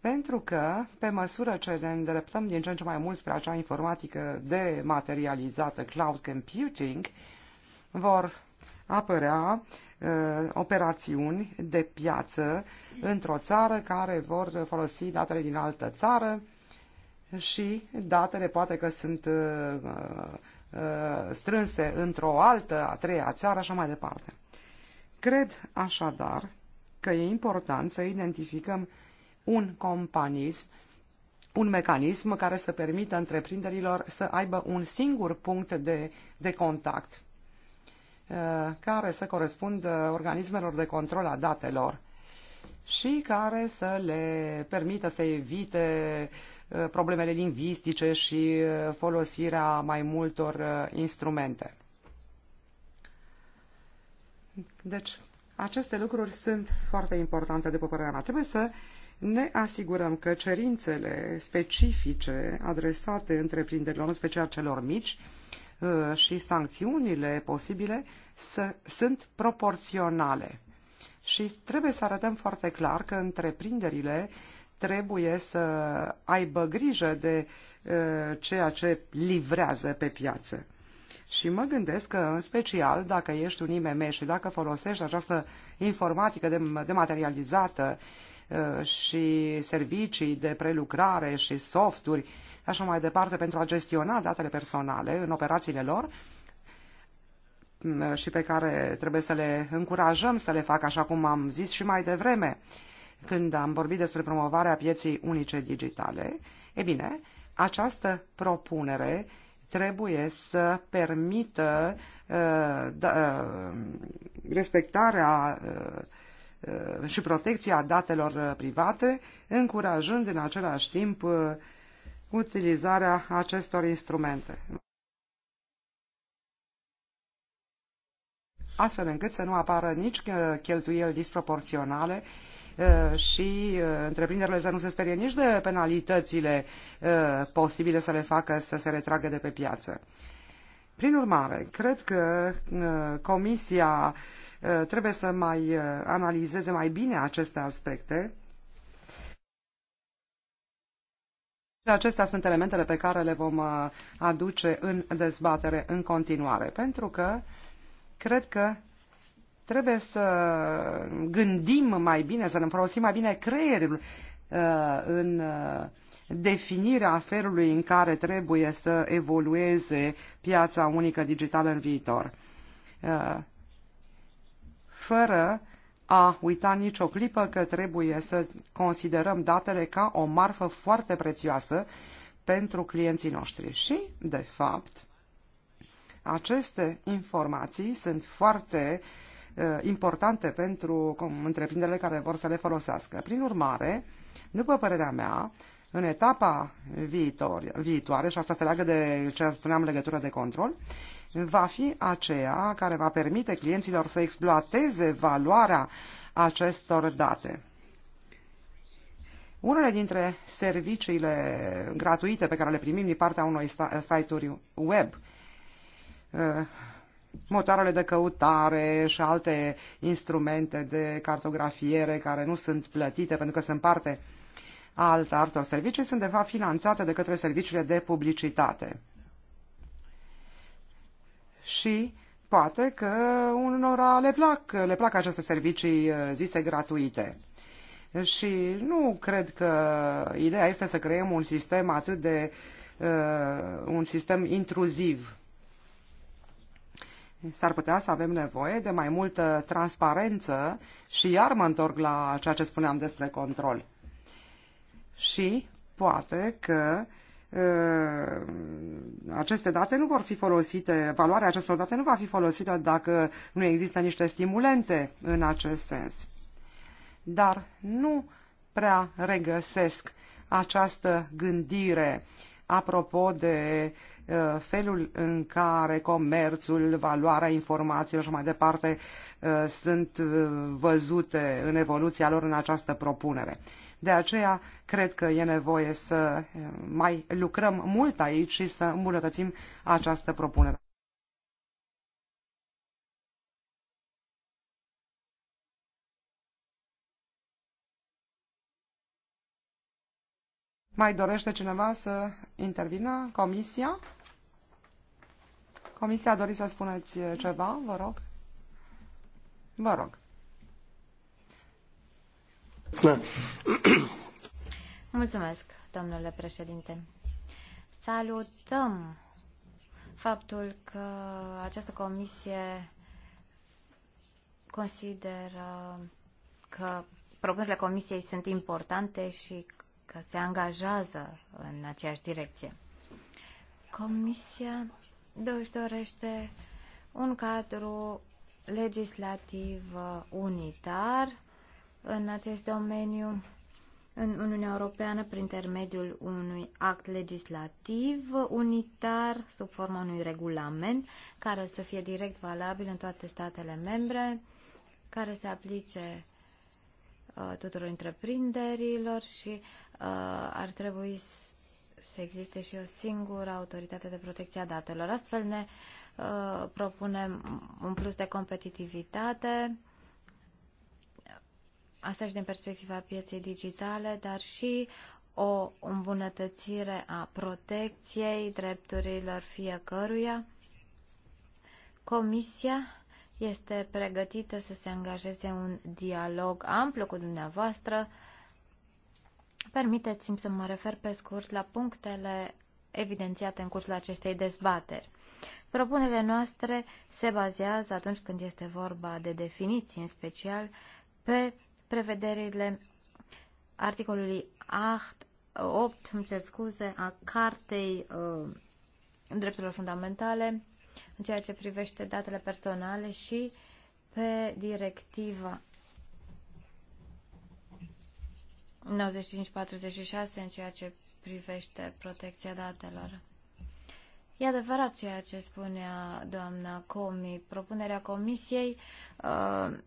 Pentru că, pe măsură ce ne îndreptăm din ce în ce mai mult spre acea informatică dematerializată, cloud computing, vor apărea uh, operațiuni de piață într-o țară care vor folosi datele din altă țară și datele poate că sunt uh, uh, strânse într-o altă, a treia țară, așa mai departe. Cred așadar că e important să identificăm un companism un mecanism care să permită întreprinderilor să aibă un singur punct de, de contact Uh, care să corespundă uh, organismelor de control a datelor și care să le permită să evite uh, problemele lingvistice și folosirea mai multor instrumente. Deci, aceste lucruri sunt foarte importante, după părerea mea. Trebuie să ne asigurăm că cerințele specifice adresate întreprinderilor, în special celor mici, Uh, și sancțiunile posibile să, sunt proporționale. Și trebuie să arătăm foarte clar că întreprinderile trebuie să aibă grijă de uh, ceea ce livrează pe piață. Și mă gândesc că, în special, dacă ești un IMM și dacă folosești această informatică de, dematerializată, uh, Uh, și servicii de prelucrare și softuri, așa mai departe, pentru a gestiona datele personale în operațiile lor uh, și pe care trebuie să le încurajăm să le facă, așa cum am zis și mai devreme, când am vorbit despre promovarea pieței unice digitale, e bine, această propunere trebuie să permită uh, da, uh, respectarea uh, Uh, și protecția datelor uh, private, încurajând în același timp uh, utilizarea acestor instrumente. Astfel încât să nu apară nici cheltuieli disproporționale și întreprinderile să nu se sperie nici de penalitățile posibile să le facă să se retragă de pe piață. Prin urmare, cred că Comisia Eh, trebuie să mai eh, analizeze mai bine aceste aspecte. Acestea sunt elementele pe care le vom eh, aduce în dezbatere în continuare, pentru că cred că trebuie să gândim mai bine, să ne folosim mai bine creierul în definirea felului în care trebuie să evolueze piața unică digitală în viitor fără a uita nicio clipă că trebuie să considerăm datele ca o marfă foarte prețioasă pentru clienții noștri. Și, de fapt, aceste informații sunt foarte uh, importante pentru întreprinderile care vor să le folosească. Prin urmare, după părerea mea, în etapa viitor, viitoare, și asta se leagă de ce spuneam legătură de control, va fi aceea care va permite clienților să exploateze valoarea acestor date. Unele dintre serviciile gratuite pe care le primim din partea unui site-uri web, uh, motoarele de căutare și alte instrumente de cartografiere care nu sunt plătite pentru că sunt parte alta altor servicii, sunt de fapt finanțate de către serviciile de publicitate și poate că unora le plac, le plac aceste servicii uh, zise gratuite. Și nu cred că ideea este să creăm un sistem atât de uh, un sistem intruziv. S-ar putea să avem nevoie de mai multă transparență și iar mă întorc la ceea ce spuneam despre control. Și poate că uh, Uh, aceste date nu vor fi folosite, valoarea acestor date nu va fi folosită dacă nu există niște stimulente în acest sens. Dar nu prea regăsesc această gândire apropo de uh, felul în care comerțul, valoarea informațiilor și mai departe uh, sunt văzute în evoluția lor în această propunere. De aceea, cred că e nevoie să eh, mai lucrăm mult aici și să îmbunătățim această propunere. Mai dorește cineva să intervină? Comisia? Comisia, dorit să spuneți ceva? Vă rog. Vă rog. Mulțumesc, domnule președinte. Salutăm faptul că această comisie consideră că propunerile comisiei sunt importante și că se angajează în aceeași direcție. Comisia își dorește un cadru legislativ unitar în acest domeniu în Uniunea Europeană prin intermediul unui act legislativ unitar sub forma unui regulament care să fie direct valabil în toate statele membre, care se aplice uh, tuturor întreprinderilor și uh, ar trebui să existe și o singură autoritate de protecție a datelor. Astfel ne uh, propunem un plus de competitivitate asta și din perspectiva pieței digitale, dar și o îmbunătățire a protecției drepturilor fiecăruia. Comisia este pregătită să se angajeze un dialog amplu cu dumneavoastră. Permiteți-mi să mă refer pe scurt la punctele evidențiate în cursul acestei dezbateri. Propunerile noastre se bazează atunci când este vorba de definiții, în special pe prevederile articolului 8, 8 îmi cer scuze, a Cartei uh, Drepturilor Fundamentale în ceea ce privește datele personale și pe directiva 9546 în ceea ce privește protecția datelor. E adevărat ceea ce spunea doamna Comi. Propunerea comisiei uh,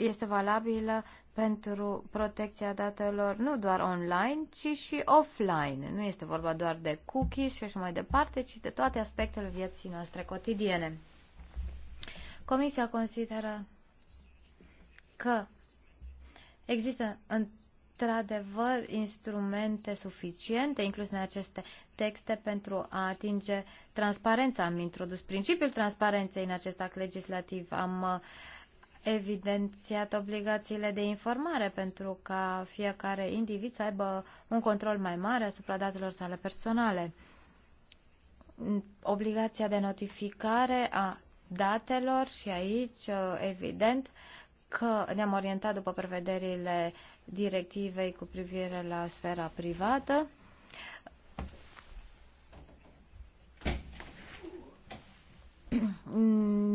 este valabilă pentru protecția datelor nu doar online, ci și offline. Nu este vorba doar de cookies și așa mai departe, ci de toate aspectele vieții noastre cotidiene. Comisia consideră că există într-adevăr instrumente suficiente, inclus în aceste texte, pentru a atinge transparența. Am introdus principiul transparenței în acest act legislativ. Am uh, evidențiat obligațiile de informare pentru ca fiecare individ să aibă un control mai mare asupra datelor sale personale. Obligația de notificare a datelor și aici, uh, evident, că ne-am orientat după prevederile directivei cu privire la sfera privată.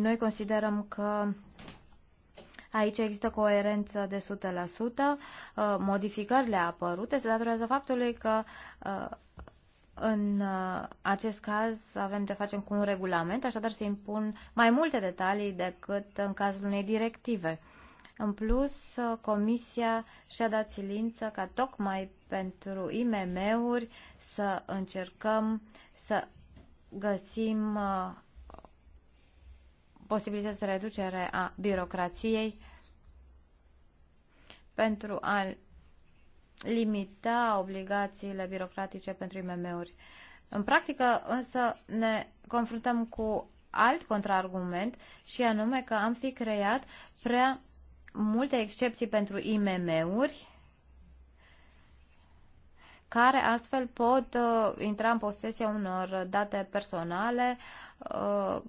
Noi considerăm că Aici există coerență de 100%. Uh, modificările apărute se datorează faptului că uh, în uh, acest caz avem de face cu un regulament, așadar se impun mai multe detalii decât în cazul unei directive. În plus, Comisia și-a dat silință ca tocmai pentru IMM-uri să încercăm să găsim posibilități de reducere a birocrației pentru a limita obligațiile birocratice pentru IMM-uri. În practică, însă, ne confruntăm cu alt contraargument și anume că am fi creat prea multe excepții pentru IMM-uri care astfel pot uh, intra în posesia unor date personale uh,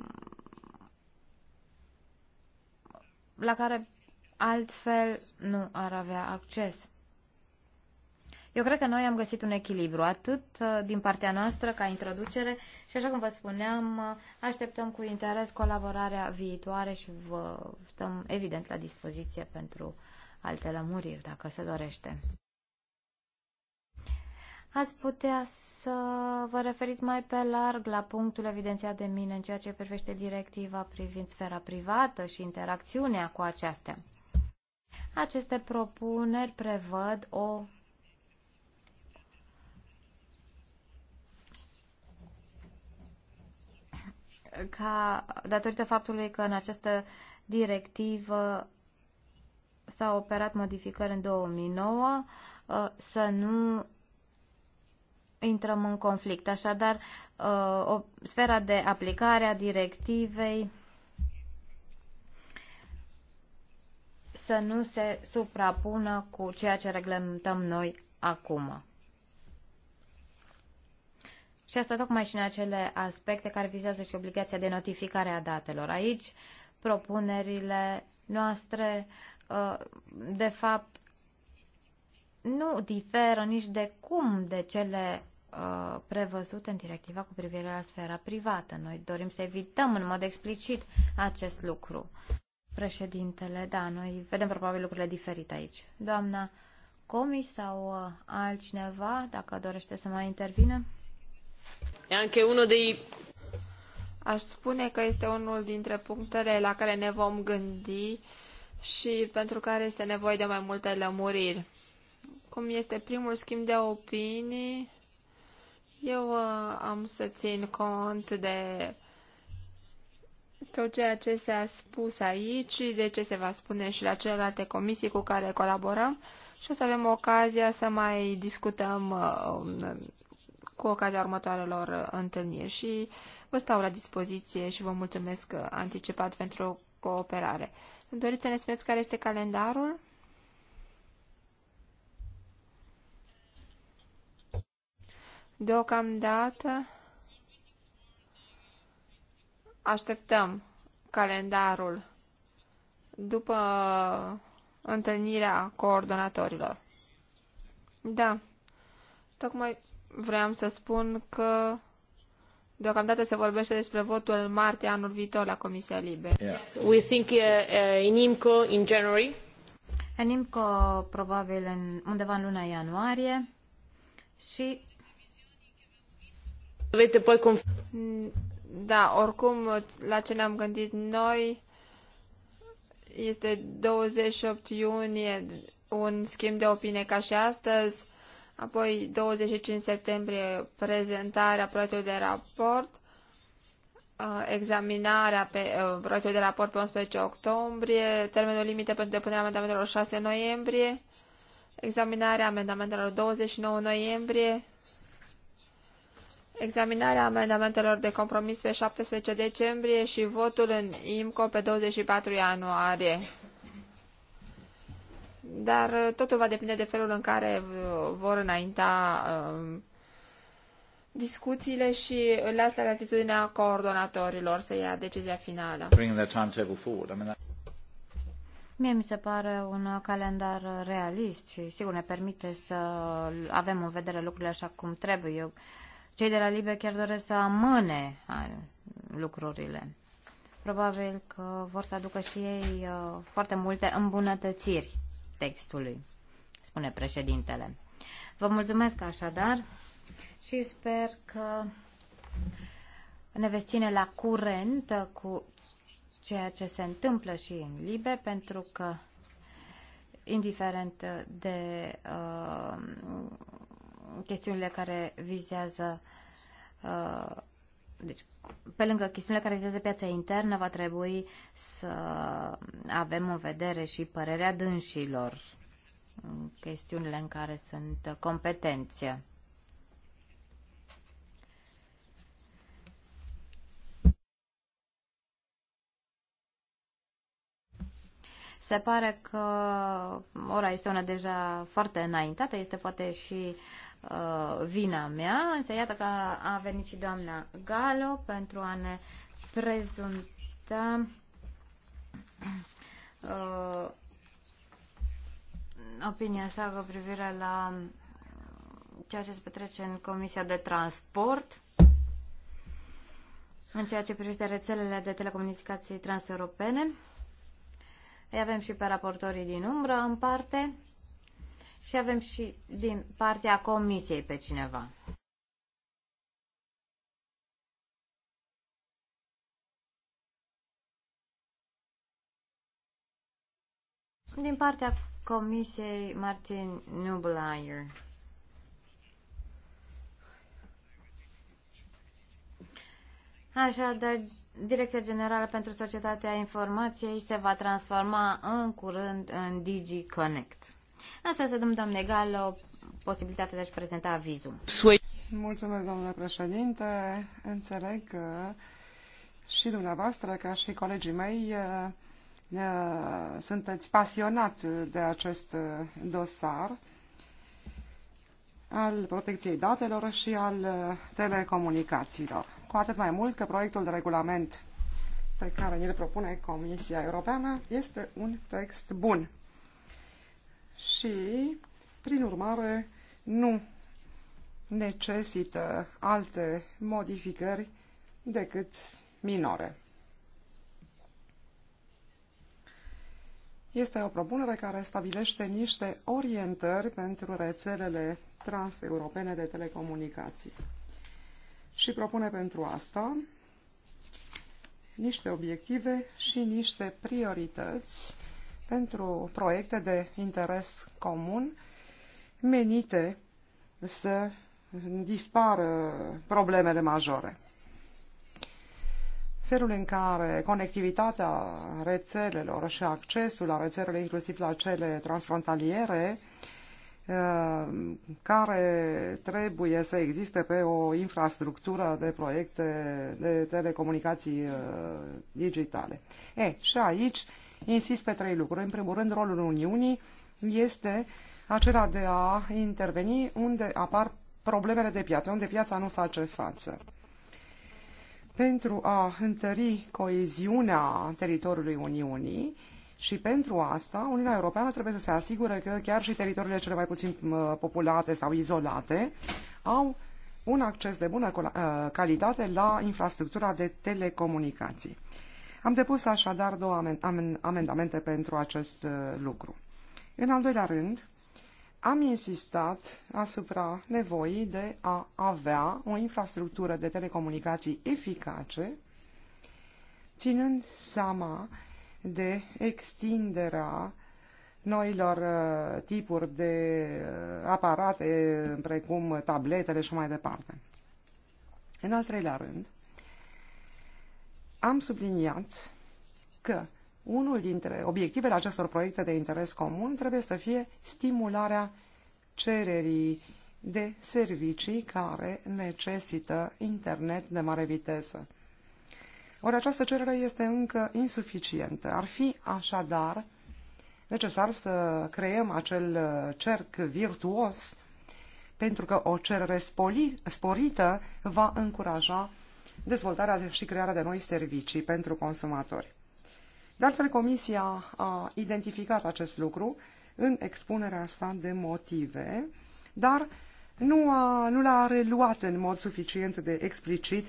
la care altfel nu ar avea acces. Eu cred că noi am găsit un echilibru, atât uh, din partea noastră ca introducere și așa cum vă spuneam, uh, așteptăm cu interes colaborarea viitoare și vă stăm evident la dispoziție pentru alte lămuriri, dacă se dorește ați putea să vă referiți mai pe larg la punctul evidențiat de mine în ceea ce privește directiva privind sfera privată și interacțiunea cu aceasta. Aceste propuneri prevăd o ca, datorită faptului că în această directivă s-au operat modificări în 2009, uh, să nu intrăm în conflict. Așadar, uh, o sfera de aplicare a directivei să nu se suprapună cu ceea ce reglementăm noi acum. Și asta tocmai și în acele aspecte care vizează și obligația de notificare a datelor. Aici, propunerile noastre, uh, de fapt, nu diferă nici de cum de cele Uh, prevăzut prevăzute în directiva cu privire la sfera privată. Noi dorim să evităm în mod explicit acest lucru. Președintele, da, noi vedem probabil lucrurile diferite aici. Doamna Comi sau uh, altcineva, dacă dorește să mai intervină? E anche uno dei Aș spune că este unul dintre punctele la care ne vom gândi și pentru care este nevoie de mai multe lămuriri. Cum este primul schimb de opinii, eu uh, am să țin cont de tot ceea ce s-a spus aici, de ce se va spune și la celelalte comisii cu care colaborăm și o să avem ocazia să mai discutăm uh, um, cu ocazia următoarelor uh, întâlniri și vă stau la dispoziție și vă mulțumesc uh, anticipat pentru cooperare. Doriți să ne spuneți care este calendarul? Deocamdată așteptăm calendarul după întâlnirea coordonatorilor. Da, tocmai vreau să spun că deocamdată se vorbește despre votul martie anul viitor la Comisia Liberă. Yeah. We think uh, uh, in IMCO in January. În IMCO probabil în, undeva în luna ianuarie și Mm, da, oricum, la ce ne-am gândit noi este 28 iunie un schimb de opinie ca și astăzi, apoi 25 septembrie prezentarea proiectului de raport, uh, examinarea pe uh, proiectul de raport pe 11 octombrie, termenul limite pentru depunerea amendamentelor 6 noiembrie, examinarea amendamentelor 29 noiembrie, examinarea amendamentelor de compromis pe 17 decembrie și votul în IMCO pe 24 ianuarie. Dar uh, totul va depinde de felul în care uh, vor înainta um, discuțiile și las la atitudinea coordonatorilor să ia decizia finală. Mie mi se pare un calendar realist și sigur ne permite să avem în vedere lucrurile așa cum trebuie. Eu cei de la Libe chiar doresc să amâne lucrurile. Probabil că vor să aducă și ei uh, foarte multe îmbunătățiri textului, spune președintele. Vă mulțumesc așadar și sper că ne veți ține la curent cu ceea ce se întâmplă și în Libe, pentru că indiferent de uh, chestiunile care vizează uh, deci, pe lângă chestiunile care vizează piața internă, va trebui să avem în vedere și părerea dânșilor, chestiunile în care sunt competențe. Se pare că ora este una deja foarte înaintată, este poate și Uh, vina mea, însă iată că a venit și doamna Galo pentru a ne prezenta uh, opinia sa cu privire la uh, ceea ce se petrece în Comisia de Transport în ceea ce privește rețelele de telecomunicații transeuropene. Îi avem și pe raportorii din umbră în parte și avem și din partea comisiei pe cineva. Din partea comisiei Martin Nublayer. Așadar, Direcția Generală pentru Societatea Informației se va transforma în curând în DigiConnect. Însă să dăm doamne o posibilitatea de a-și prezenta avizul. Mulțumesc, domnule președinte. Înțeleg că și dumneavoastră, ca și colegii mei, sunteți pasionat de acest dosar al protecției datelor și al telecomunicațiilor. Cu atât mai mult că proiectul de regulament pe care ne-l propune Comisia Europeană este un text bun și, prin urmare, nu necesită alte modificări decât minore. Este o propunere care stabilește niște orientări pentru rețelele transeuropene de telecomunicații și propune pentru asta niște obiective și niște priorități pentru proiecte de interes comun menite să dispară problemele majore. Felul în care conectivitatea rețelelor și accesul la rețelele, inclusiv la cele transfrontaliere, uh, care trebuie să existe pe o infrastructură de proiecte de telecomunicații uh, digitale. E, și aici insist pe trei lucruri. În primul rând, rolul Uniunii este acela de a interveni unde apar problemele de piață, unde piața nu face față. Pentru a întări coeziunea teritoriului Uniunii, și pentru asta, Uniunea Europeană trebuie să se asigure că chiar și teritoriile cele mai puțin populate sau izolate au un acces de bună ă, calitate la infrastructura de telecomunicații. Am depus așadar două amendamente pentru acest uh, lucru. În al doilea rând, am insistat asupra nevoii de a avea o infrastructură de telecomunicații eficace, ținând seama de extinderea noilor uh, tipuri de uh, aparate, precum tabletele și mai departe. În al treilea rând, am subliniat că unul dintre obiectivele acestor proiecte de interes comun trebuie să fie stimularea cererii de servicii care necesită internet de mare viteză. Ori această cerere este încă insuficientă. Ar fi așadar necesar să creăm acel cerc virtuos pentru că o cerere sporită va încuraja dezvoltarea și crearea de noi servicii pentru consumatori. De altfel, Comisia a identificat acest lucru în expunerea sa de motive, dar nu, a, nu l-a reluat în mod suficient de explicit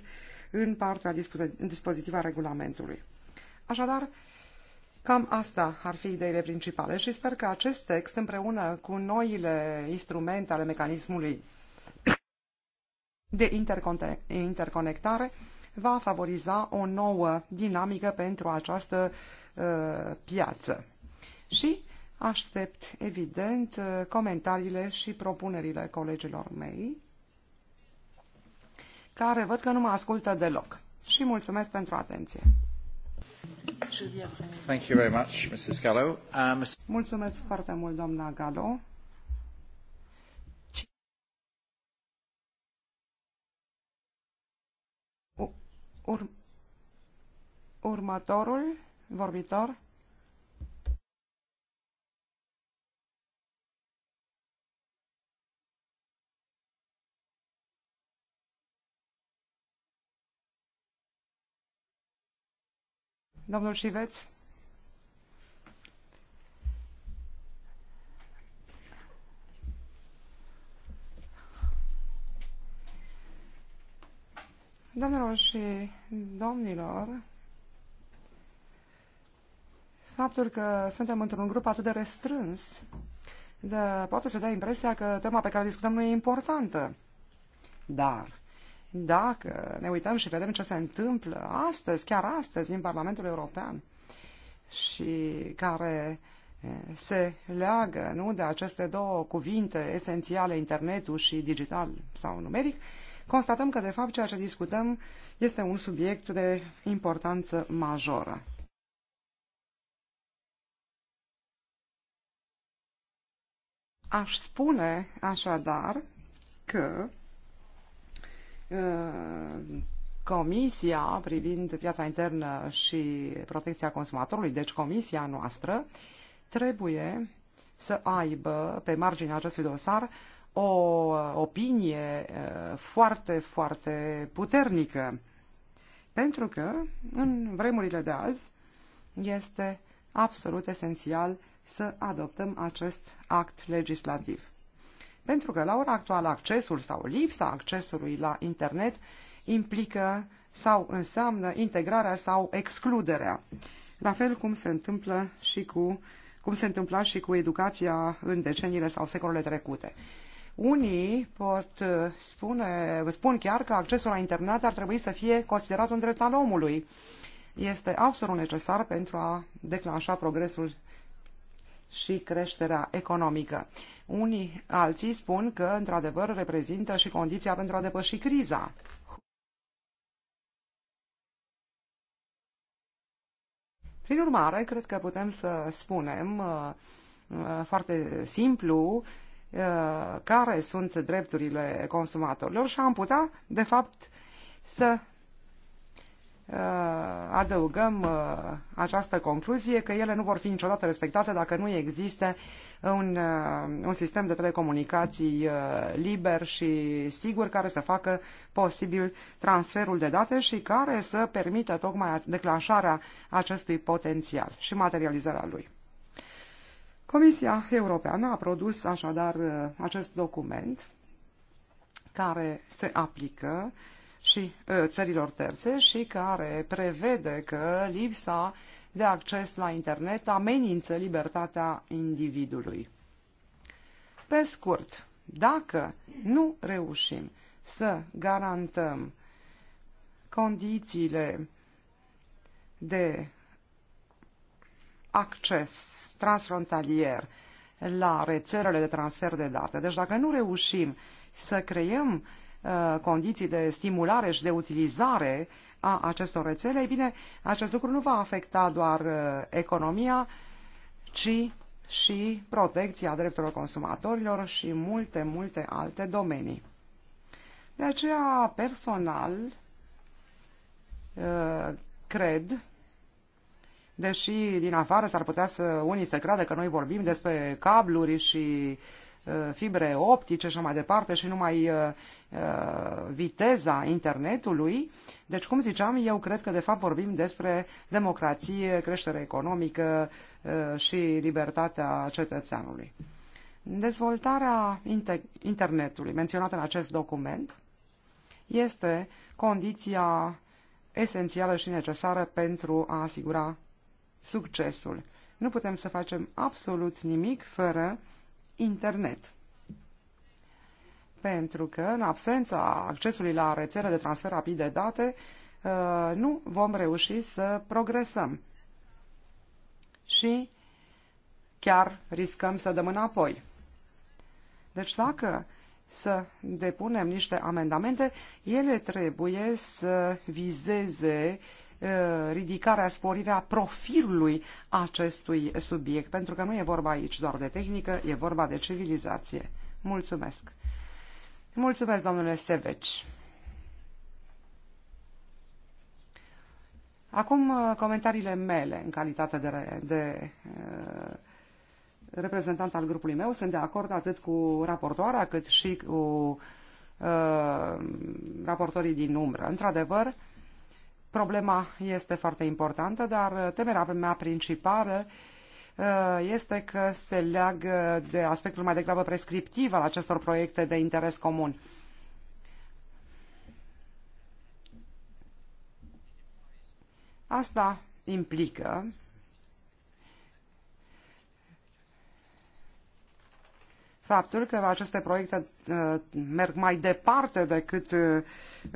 în partea dispozitivă a regulamentului. Așadar, Cam asta ar fi ideile principale și sper că acest text, împreună cu noile instrumente ale mecanismului de interconectare va favoriza o nouă dinamică pentru această uh, piață. Și aștept, evident, uh, comentariile și propunerile colegilor mei, care văd că nu mă ascultă deloc. Și mulțumesc pentru atenție. Uh, mulțumesc foarte mult, doamna Gallo. Ur următorul vorbitor. Domnul Șiveț. Domnilor și domnilor, faptul că suntem într-un grup atât de restrâns, de, poate să dea impresia că tema pe care discutăm nu e importantă. Dar dacă ne uităm și vedem ce se întâmplă astăzi, chiar astăzi, în Parlamentul European, și care se leagă nu, de aceste două cuvinte esențiale, internetul și digital sau numeric, constatăm că, de fapt, ceea ce discutăm este un subiect de importanță majoră. Aș spune așadar că uh, Comisia privind piața internă și protecția consumatorului, deci comisia noastră, trebuie să aibă pe marginea acestui dosar o opinie foarte, foarte puternică. Pentru că, în vremurile de azi, este absolut esențial să adoptăm acest act legislativ. Pentru că, la ora actuală, accesul sau lipsa accesului la internet implică sau înseamnă integrarea sau excluderea. La fel cum se întâmplă și cu cum se întâmpla și cu educația în deceniile sau secolele trecute. Unii pot uh, spune, spun chiar că accesul la internet ar trebui să fie considerat un drept al omului. Este absolut necesar pentru a declanșa progresul și creșterea economică. Unii alții spun că, într-adevăr, reprezintă și condiția pentru a depăși criza. Prin urmare, cred că putem să spunem uh, uh, foarte simplu Uh, care sunt drepturile consumatorilor și am putea, de fapt, să uh, adăugăm uh, această concluzie că ele nu vor fi niciodată respectate dacă nu există un, un sistem de telecomunicații liber și sigur care să facă posibil transferul de date și care să permită tocmai declanșarea acestui potențial și materializarea lui. Comisia Europeană a produs așadar uh, acest document care se aplică și uh, țărilor terțe și care prevede că lipsa de acces la internet amenință libertatea individului. Pe scurt, dacă nu reușim să garantăm condițiile de acces transfrontalier la rețelele de transfer de date. Deci dacă nu reușim să creăm uh, condiții de stimulare și de utilizare a acestor rețele, ei bine, acest lucru nu va afecta doar uh, economia, ci și protecția drepturilor consumatorilor și multe, multe alte domenii. De aceea, personal, uh, cred deși din afară s-ar putea să unii să creadă că noi vorbim despre cabluri și uh, fibre optice și mai departe și numai uh, uh, viteza internetului. Deci, cum ziceam, eu cred că de fapt vorbim despre democrație, creștere economică și libertatea cetățeanului. Dezvoltarea internetului menționată în acest document este condiția esențială și necesară pentru a asigura succesul. Nu putem să facem absolut nimic fără internet. Pentru că, în absența accesului la rețele de transfer rapid de date, uh, nu vom reuși să progresăm. Și chiar riscăm să dăm înapoi. Deci dacă să depunem niște amendamente, ele trebuie să vizeze uh, Uh, ridicarea, sporirea profilului acestui subiect, pentru că nu e vorba aici doar de tehnică, e vorba de civilizație. Mulțumesc! Mulțumesc, domnule Seveci! Acum uh, comentariile mele în calitate de, de uh, reprezentant al grupului meu. Sunt de acord atât cu raportoarea cât și cu uh, raportorii din umbră. Într-adevăr, uh, Problema este foarte importantă, dar temerea mea principală uh, este că se leagă de aspectul mai degrabă prescriptiv al acestor proiecte de interes comun. Asta implică faptul că aceste proiecte uh, merg mai departe decât uh,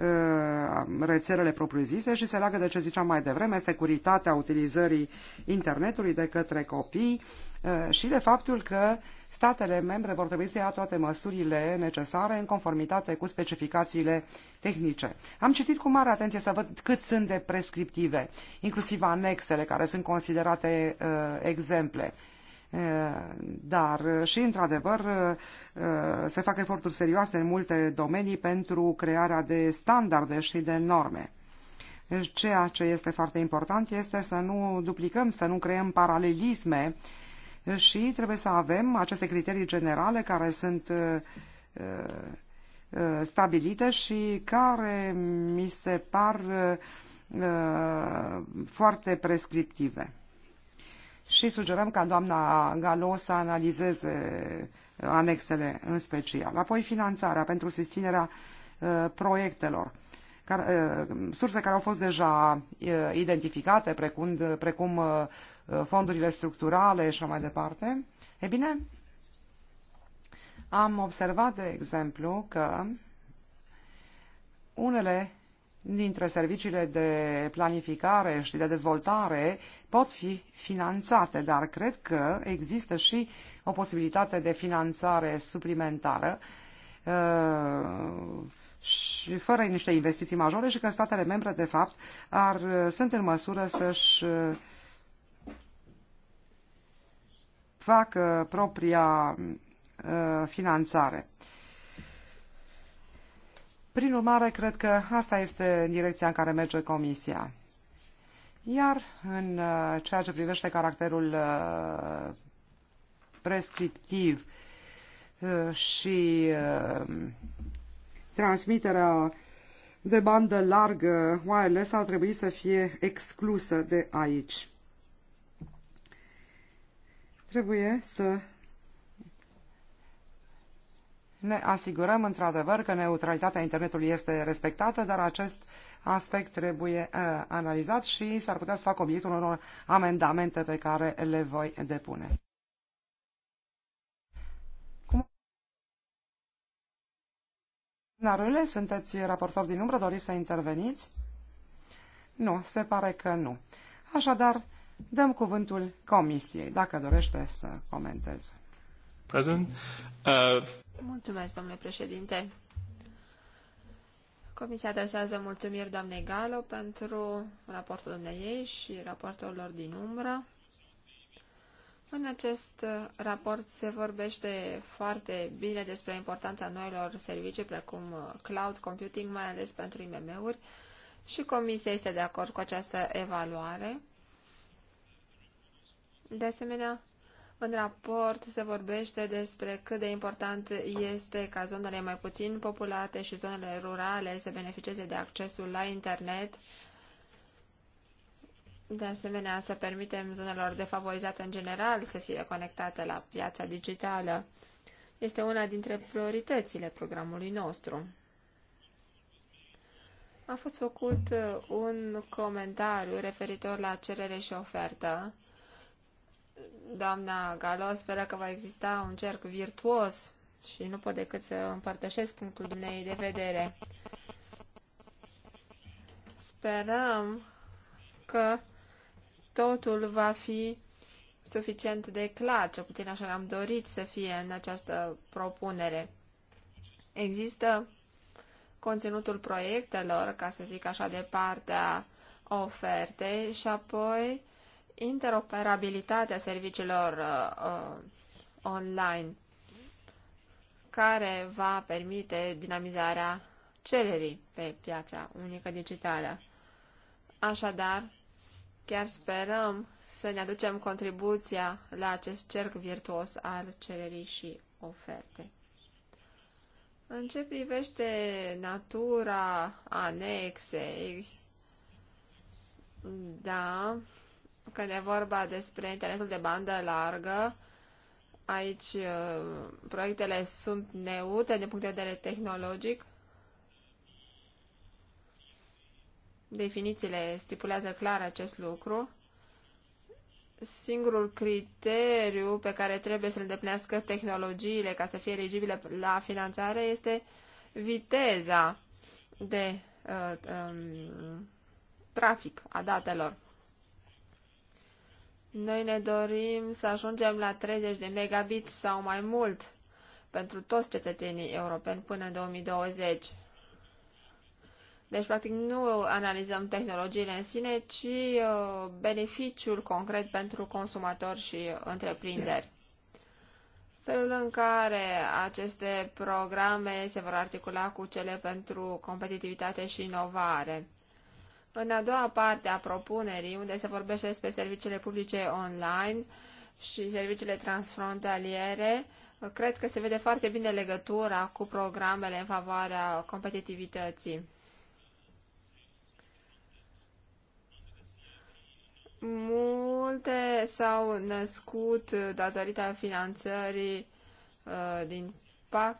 uh, rețelele propriu-zise și se leagă de ce ziceam mai devreme, securitatea utilizării internetului de către copii uh, și de faptul că statele membre vor trebui să ia toate măsurile necesare în conformitate cu specificațiile tehnice. Am citit cu mare atenție să văd cât sunt de prescriptive, inclusiv anexele care sunt considerate uh, exemple dar și, într-adevăr, se fac eforturi serioase în multe domenii pentru crearea de standarde și de norme. Deci, ceea ce este foarte important este să nu duplicăm, să nu creăm paralelisme și trebuie să avem aceste criterii generale care sunt stabilite și care mi se par foarte prescriptive și sugerăm ca doamna Galo să analizeze uh, anexele în special. Apoi finanțarea pentru susținerea uh, proiectelor, care, uh, surse care au fost deja identificate, precum, precum fondurile structurale și mai departe. E bine, am observat, de exemplu, că unele dintre serviciile de planificare și de dezvoltare pot fi finanțate, dar cred că există și o posibilitate de finanțare suplimentară uh, și fără niște investiții majore și că statele membre, de fapt, ar, sunt în măsură să-și uh, facă propria uh, finanțare. Prin urmare, cred că asta este direcția în care merge Comisia. Iar în uh, ceea ce privește caracterul uh, prescriptiv uh, și transmiterea de bandă largă wireless ar trebui să fie exclusă de aici. Trebuie să ne asigurăm într-adevăr că neutralitatea internetului este respectată, dar acest aspect trebuie uh, analizat și s-ar putea să facă obiectul unor amendamente pe care le voi depune. Narule, sunteți raportor din umbră, doriți să interveniți? Nu, se pare că nu. Așadar, dăm cuvântul comisiei, dacă dorește să comenteze. Present. Uh... Mulțumesc, domnule președinte. Comisia adresează mulțumiri doamnei Galo pentru raportul ei și raportul lor din umbră. În acest raport se vorbește foarte bine despre importanța noilor servicii precum cloud computing, mai ales pentru IMM-uri și Comisia este de acord cu această evaluare. De asemenea, în raport se vorbește despre cât de important este ca zonele mai puțin populate și zonele rurale să beneficieze de accesul la internet. De asemenea, să permitem zonelor defavorizate în general să fie conectate la piața digitală. Este una dintre prioritățile programului nostru. A fost făcut uh, un comentariu referitor la cerere și ofertă doamna Galo, speră că va exista un cerc virtuos și nu pot decât să împărtășesc punctul dumnei de vedere. Sperăm că totul va fi suficient de clar, cel puțin așa am dorit să fie în această propunere. Există conținutul proiectelor, ca să zic așa, de partea ofertei și apoi interoperabilitatea serviciilor uh, uh, online care va permite dinamizarea cererii pe piața unică digitală. Așadar, chiar sperăm să ne aducem contribuția la acest cerc virtuos al cererii și oferte. În ce privește natura anexei, da, când e vorba despre internetul de bandă largă, aici uh, proiectele sunt neutre din punct de vedere tehnologic. Definițiile stipulează clar acest lucru. Singurul criteriu pe care trebuie să-l îndeplinească tehnologiile ca să fie eligibile la finanțare este viteza de uh, um, trafic a datelor. Noi ne dorim să ajungem la 30 de megabit sau mai mult pentru toți cetățenii europeni până în 2020. Deci, practic, nu analizăm tehnologiile în sine, ci uh, beneficiul concret pentru consumatori și întreprinderi. Felul în care aceste programe se vor articula cu cele pentru competitivitate și inovare. În a doua parte a propunerii, unde se vorbește despre serviciile publice online și serviciile transfrontaliere, cred că se vede foarte bine legătura cu programele în favoarea competitivității. Multe s-au născut datorită finanțării uh, din PAC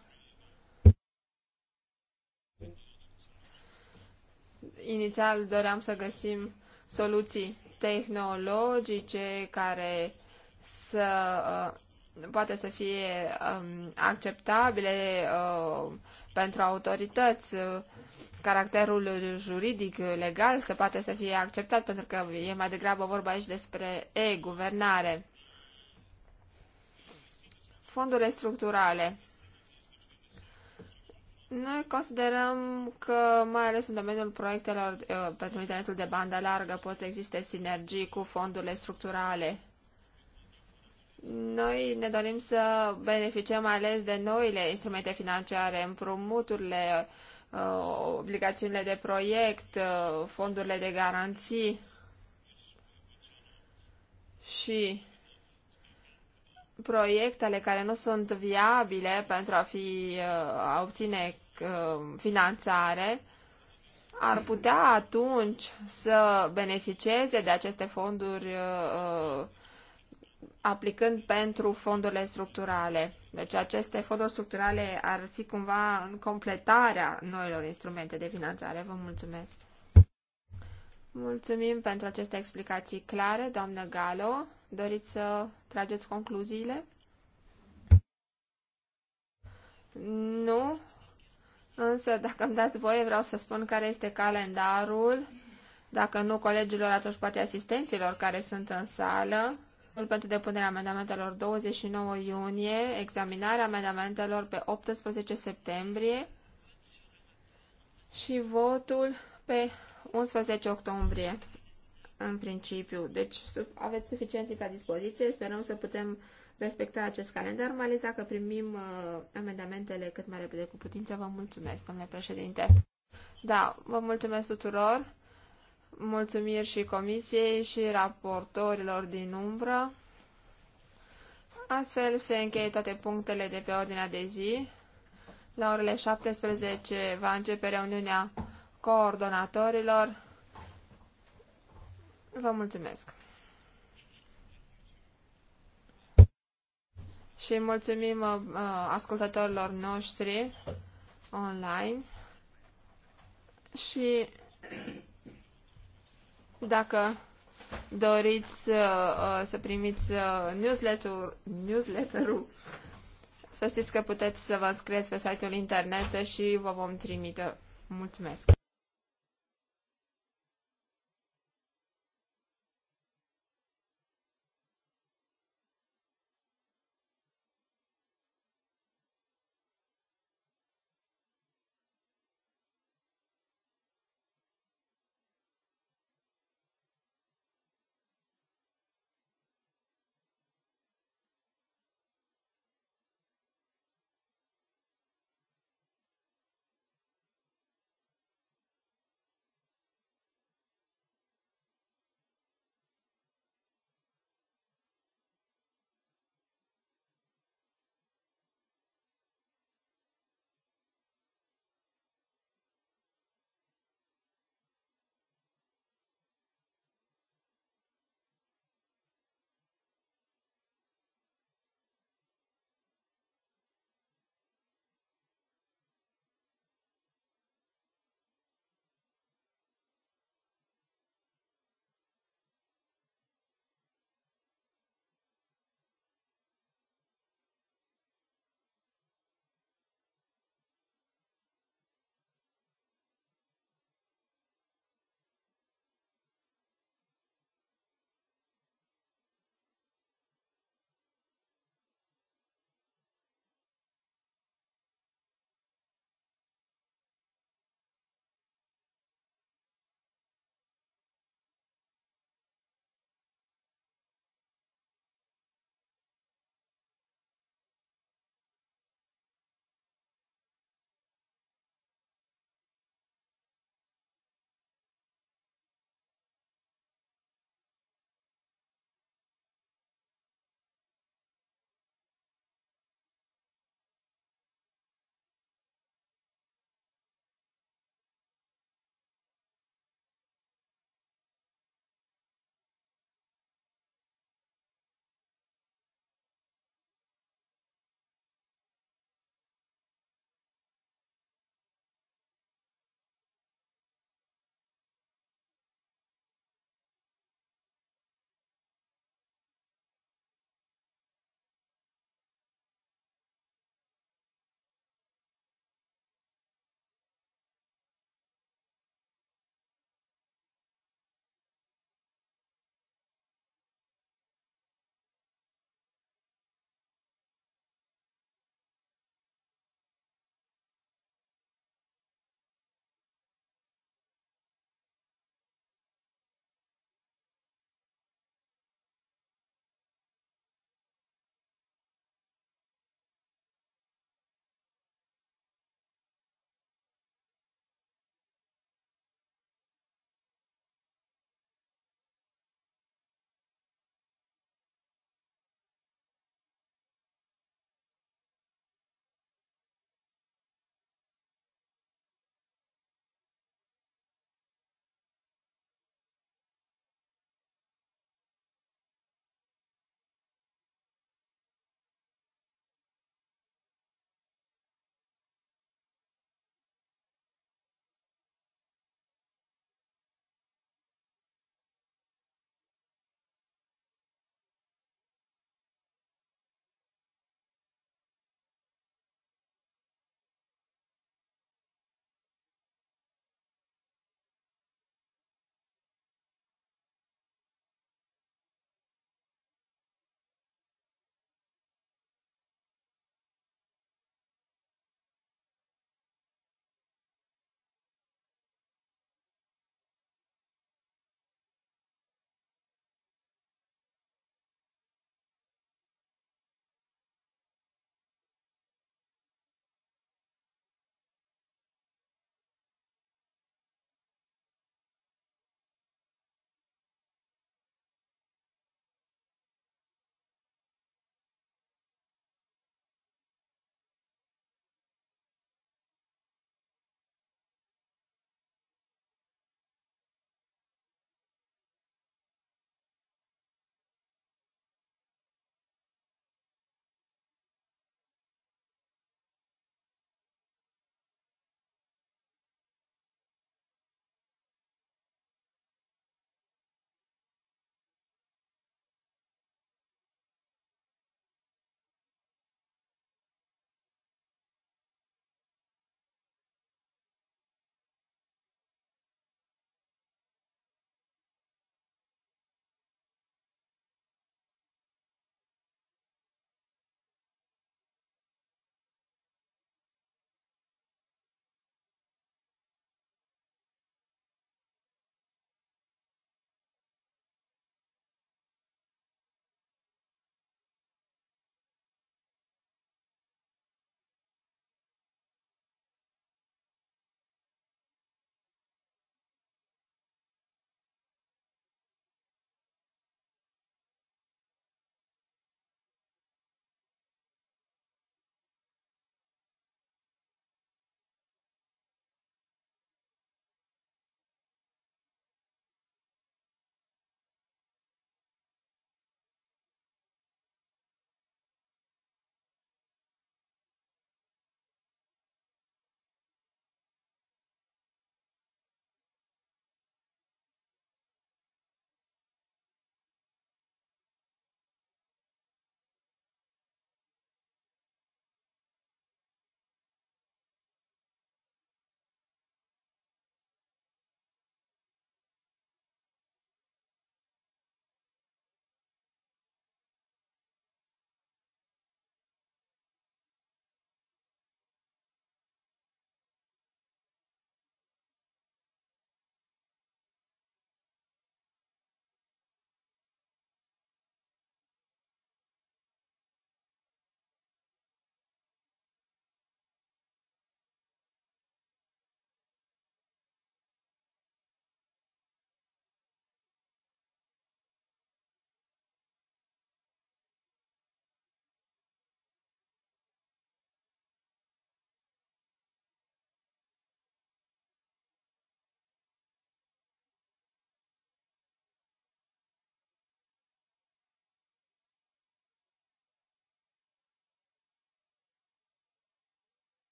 Inițial doream să găsim soluții tehnologice care să uh, poate să fie um, acceptabile uh, pentru autorități, uh, caracterul juridic, legal, să poate să fie acceptat, pentru că e mai degrabă vorba aici despre e-guvernare. Fondurile structurale. Noi considerăm că, mai ales în domeniul proiectelor uh, pentru internetul de bandă largă, pot să existe sinergii cu fondurile structurale. Noi ne dorim să beneficiem mai ales de noile instrumente financiare, împrumuturile, uh, obligațiunile de proiect, uh, fondurile de garanții și proiectele care nu sunt viabile pentru a fi uh, a obține uh, finanțare ar putea atunci să beneficieze de aceste fonduri uh, aplicând pentru fondurile structurale. Deci aceste fonduri structurale ar fi cumva în completarea noilor instrumente de finanțare. Vă mulțumesc! Mulțumim pentru aceste explicații clare, doamnă Galo. Doriți să trageți concluziile? Nu, însă dacă îmi dați voie vreau să spun care este calendarul, dacă nu colegilor, atunci poate asistenților care sunt în sală. Pentru depunerea amendamentelor 29 iunie, examinarea amendamentelor pe 18 septembrie și votul pe 11 octombrie în principiu. Deci aveți suficient timp la dispoziție, sperăm să putem respecta acest calendar, mai ales dacă primim uh, amendamentele cât mai repede cu putință. Vă mulțumesc, domnule președinte. Da, vă mulțumesc tuturor. Mulțumiri și comisiei și raportorilor din umbră. Astfel se încheie toate punctele de pe ordinea de zi. La orele 17 va începe reuniunea coordonatorilor Vă mulțumesc! Și mulțumim uh, uh, ascultătorilor noștri online și dacă doriți uh, uh să primiți uh, newsletter, newsletter-ul, să știți că puteți să vă scrieți pe site-ul internet și vă vom trimite. Mulțumesc!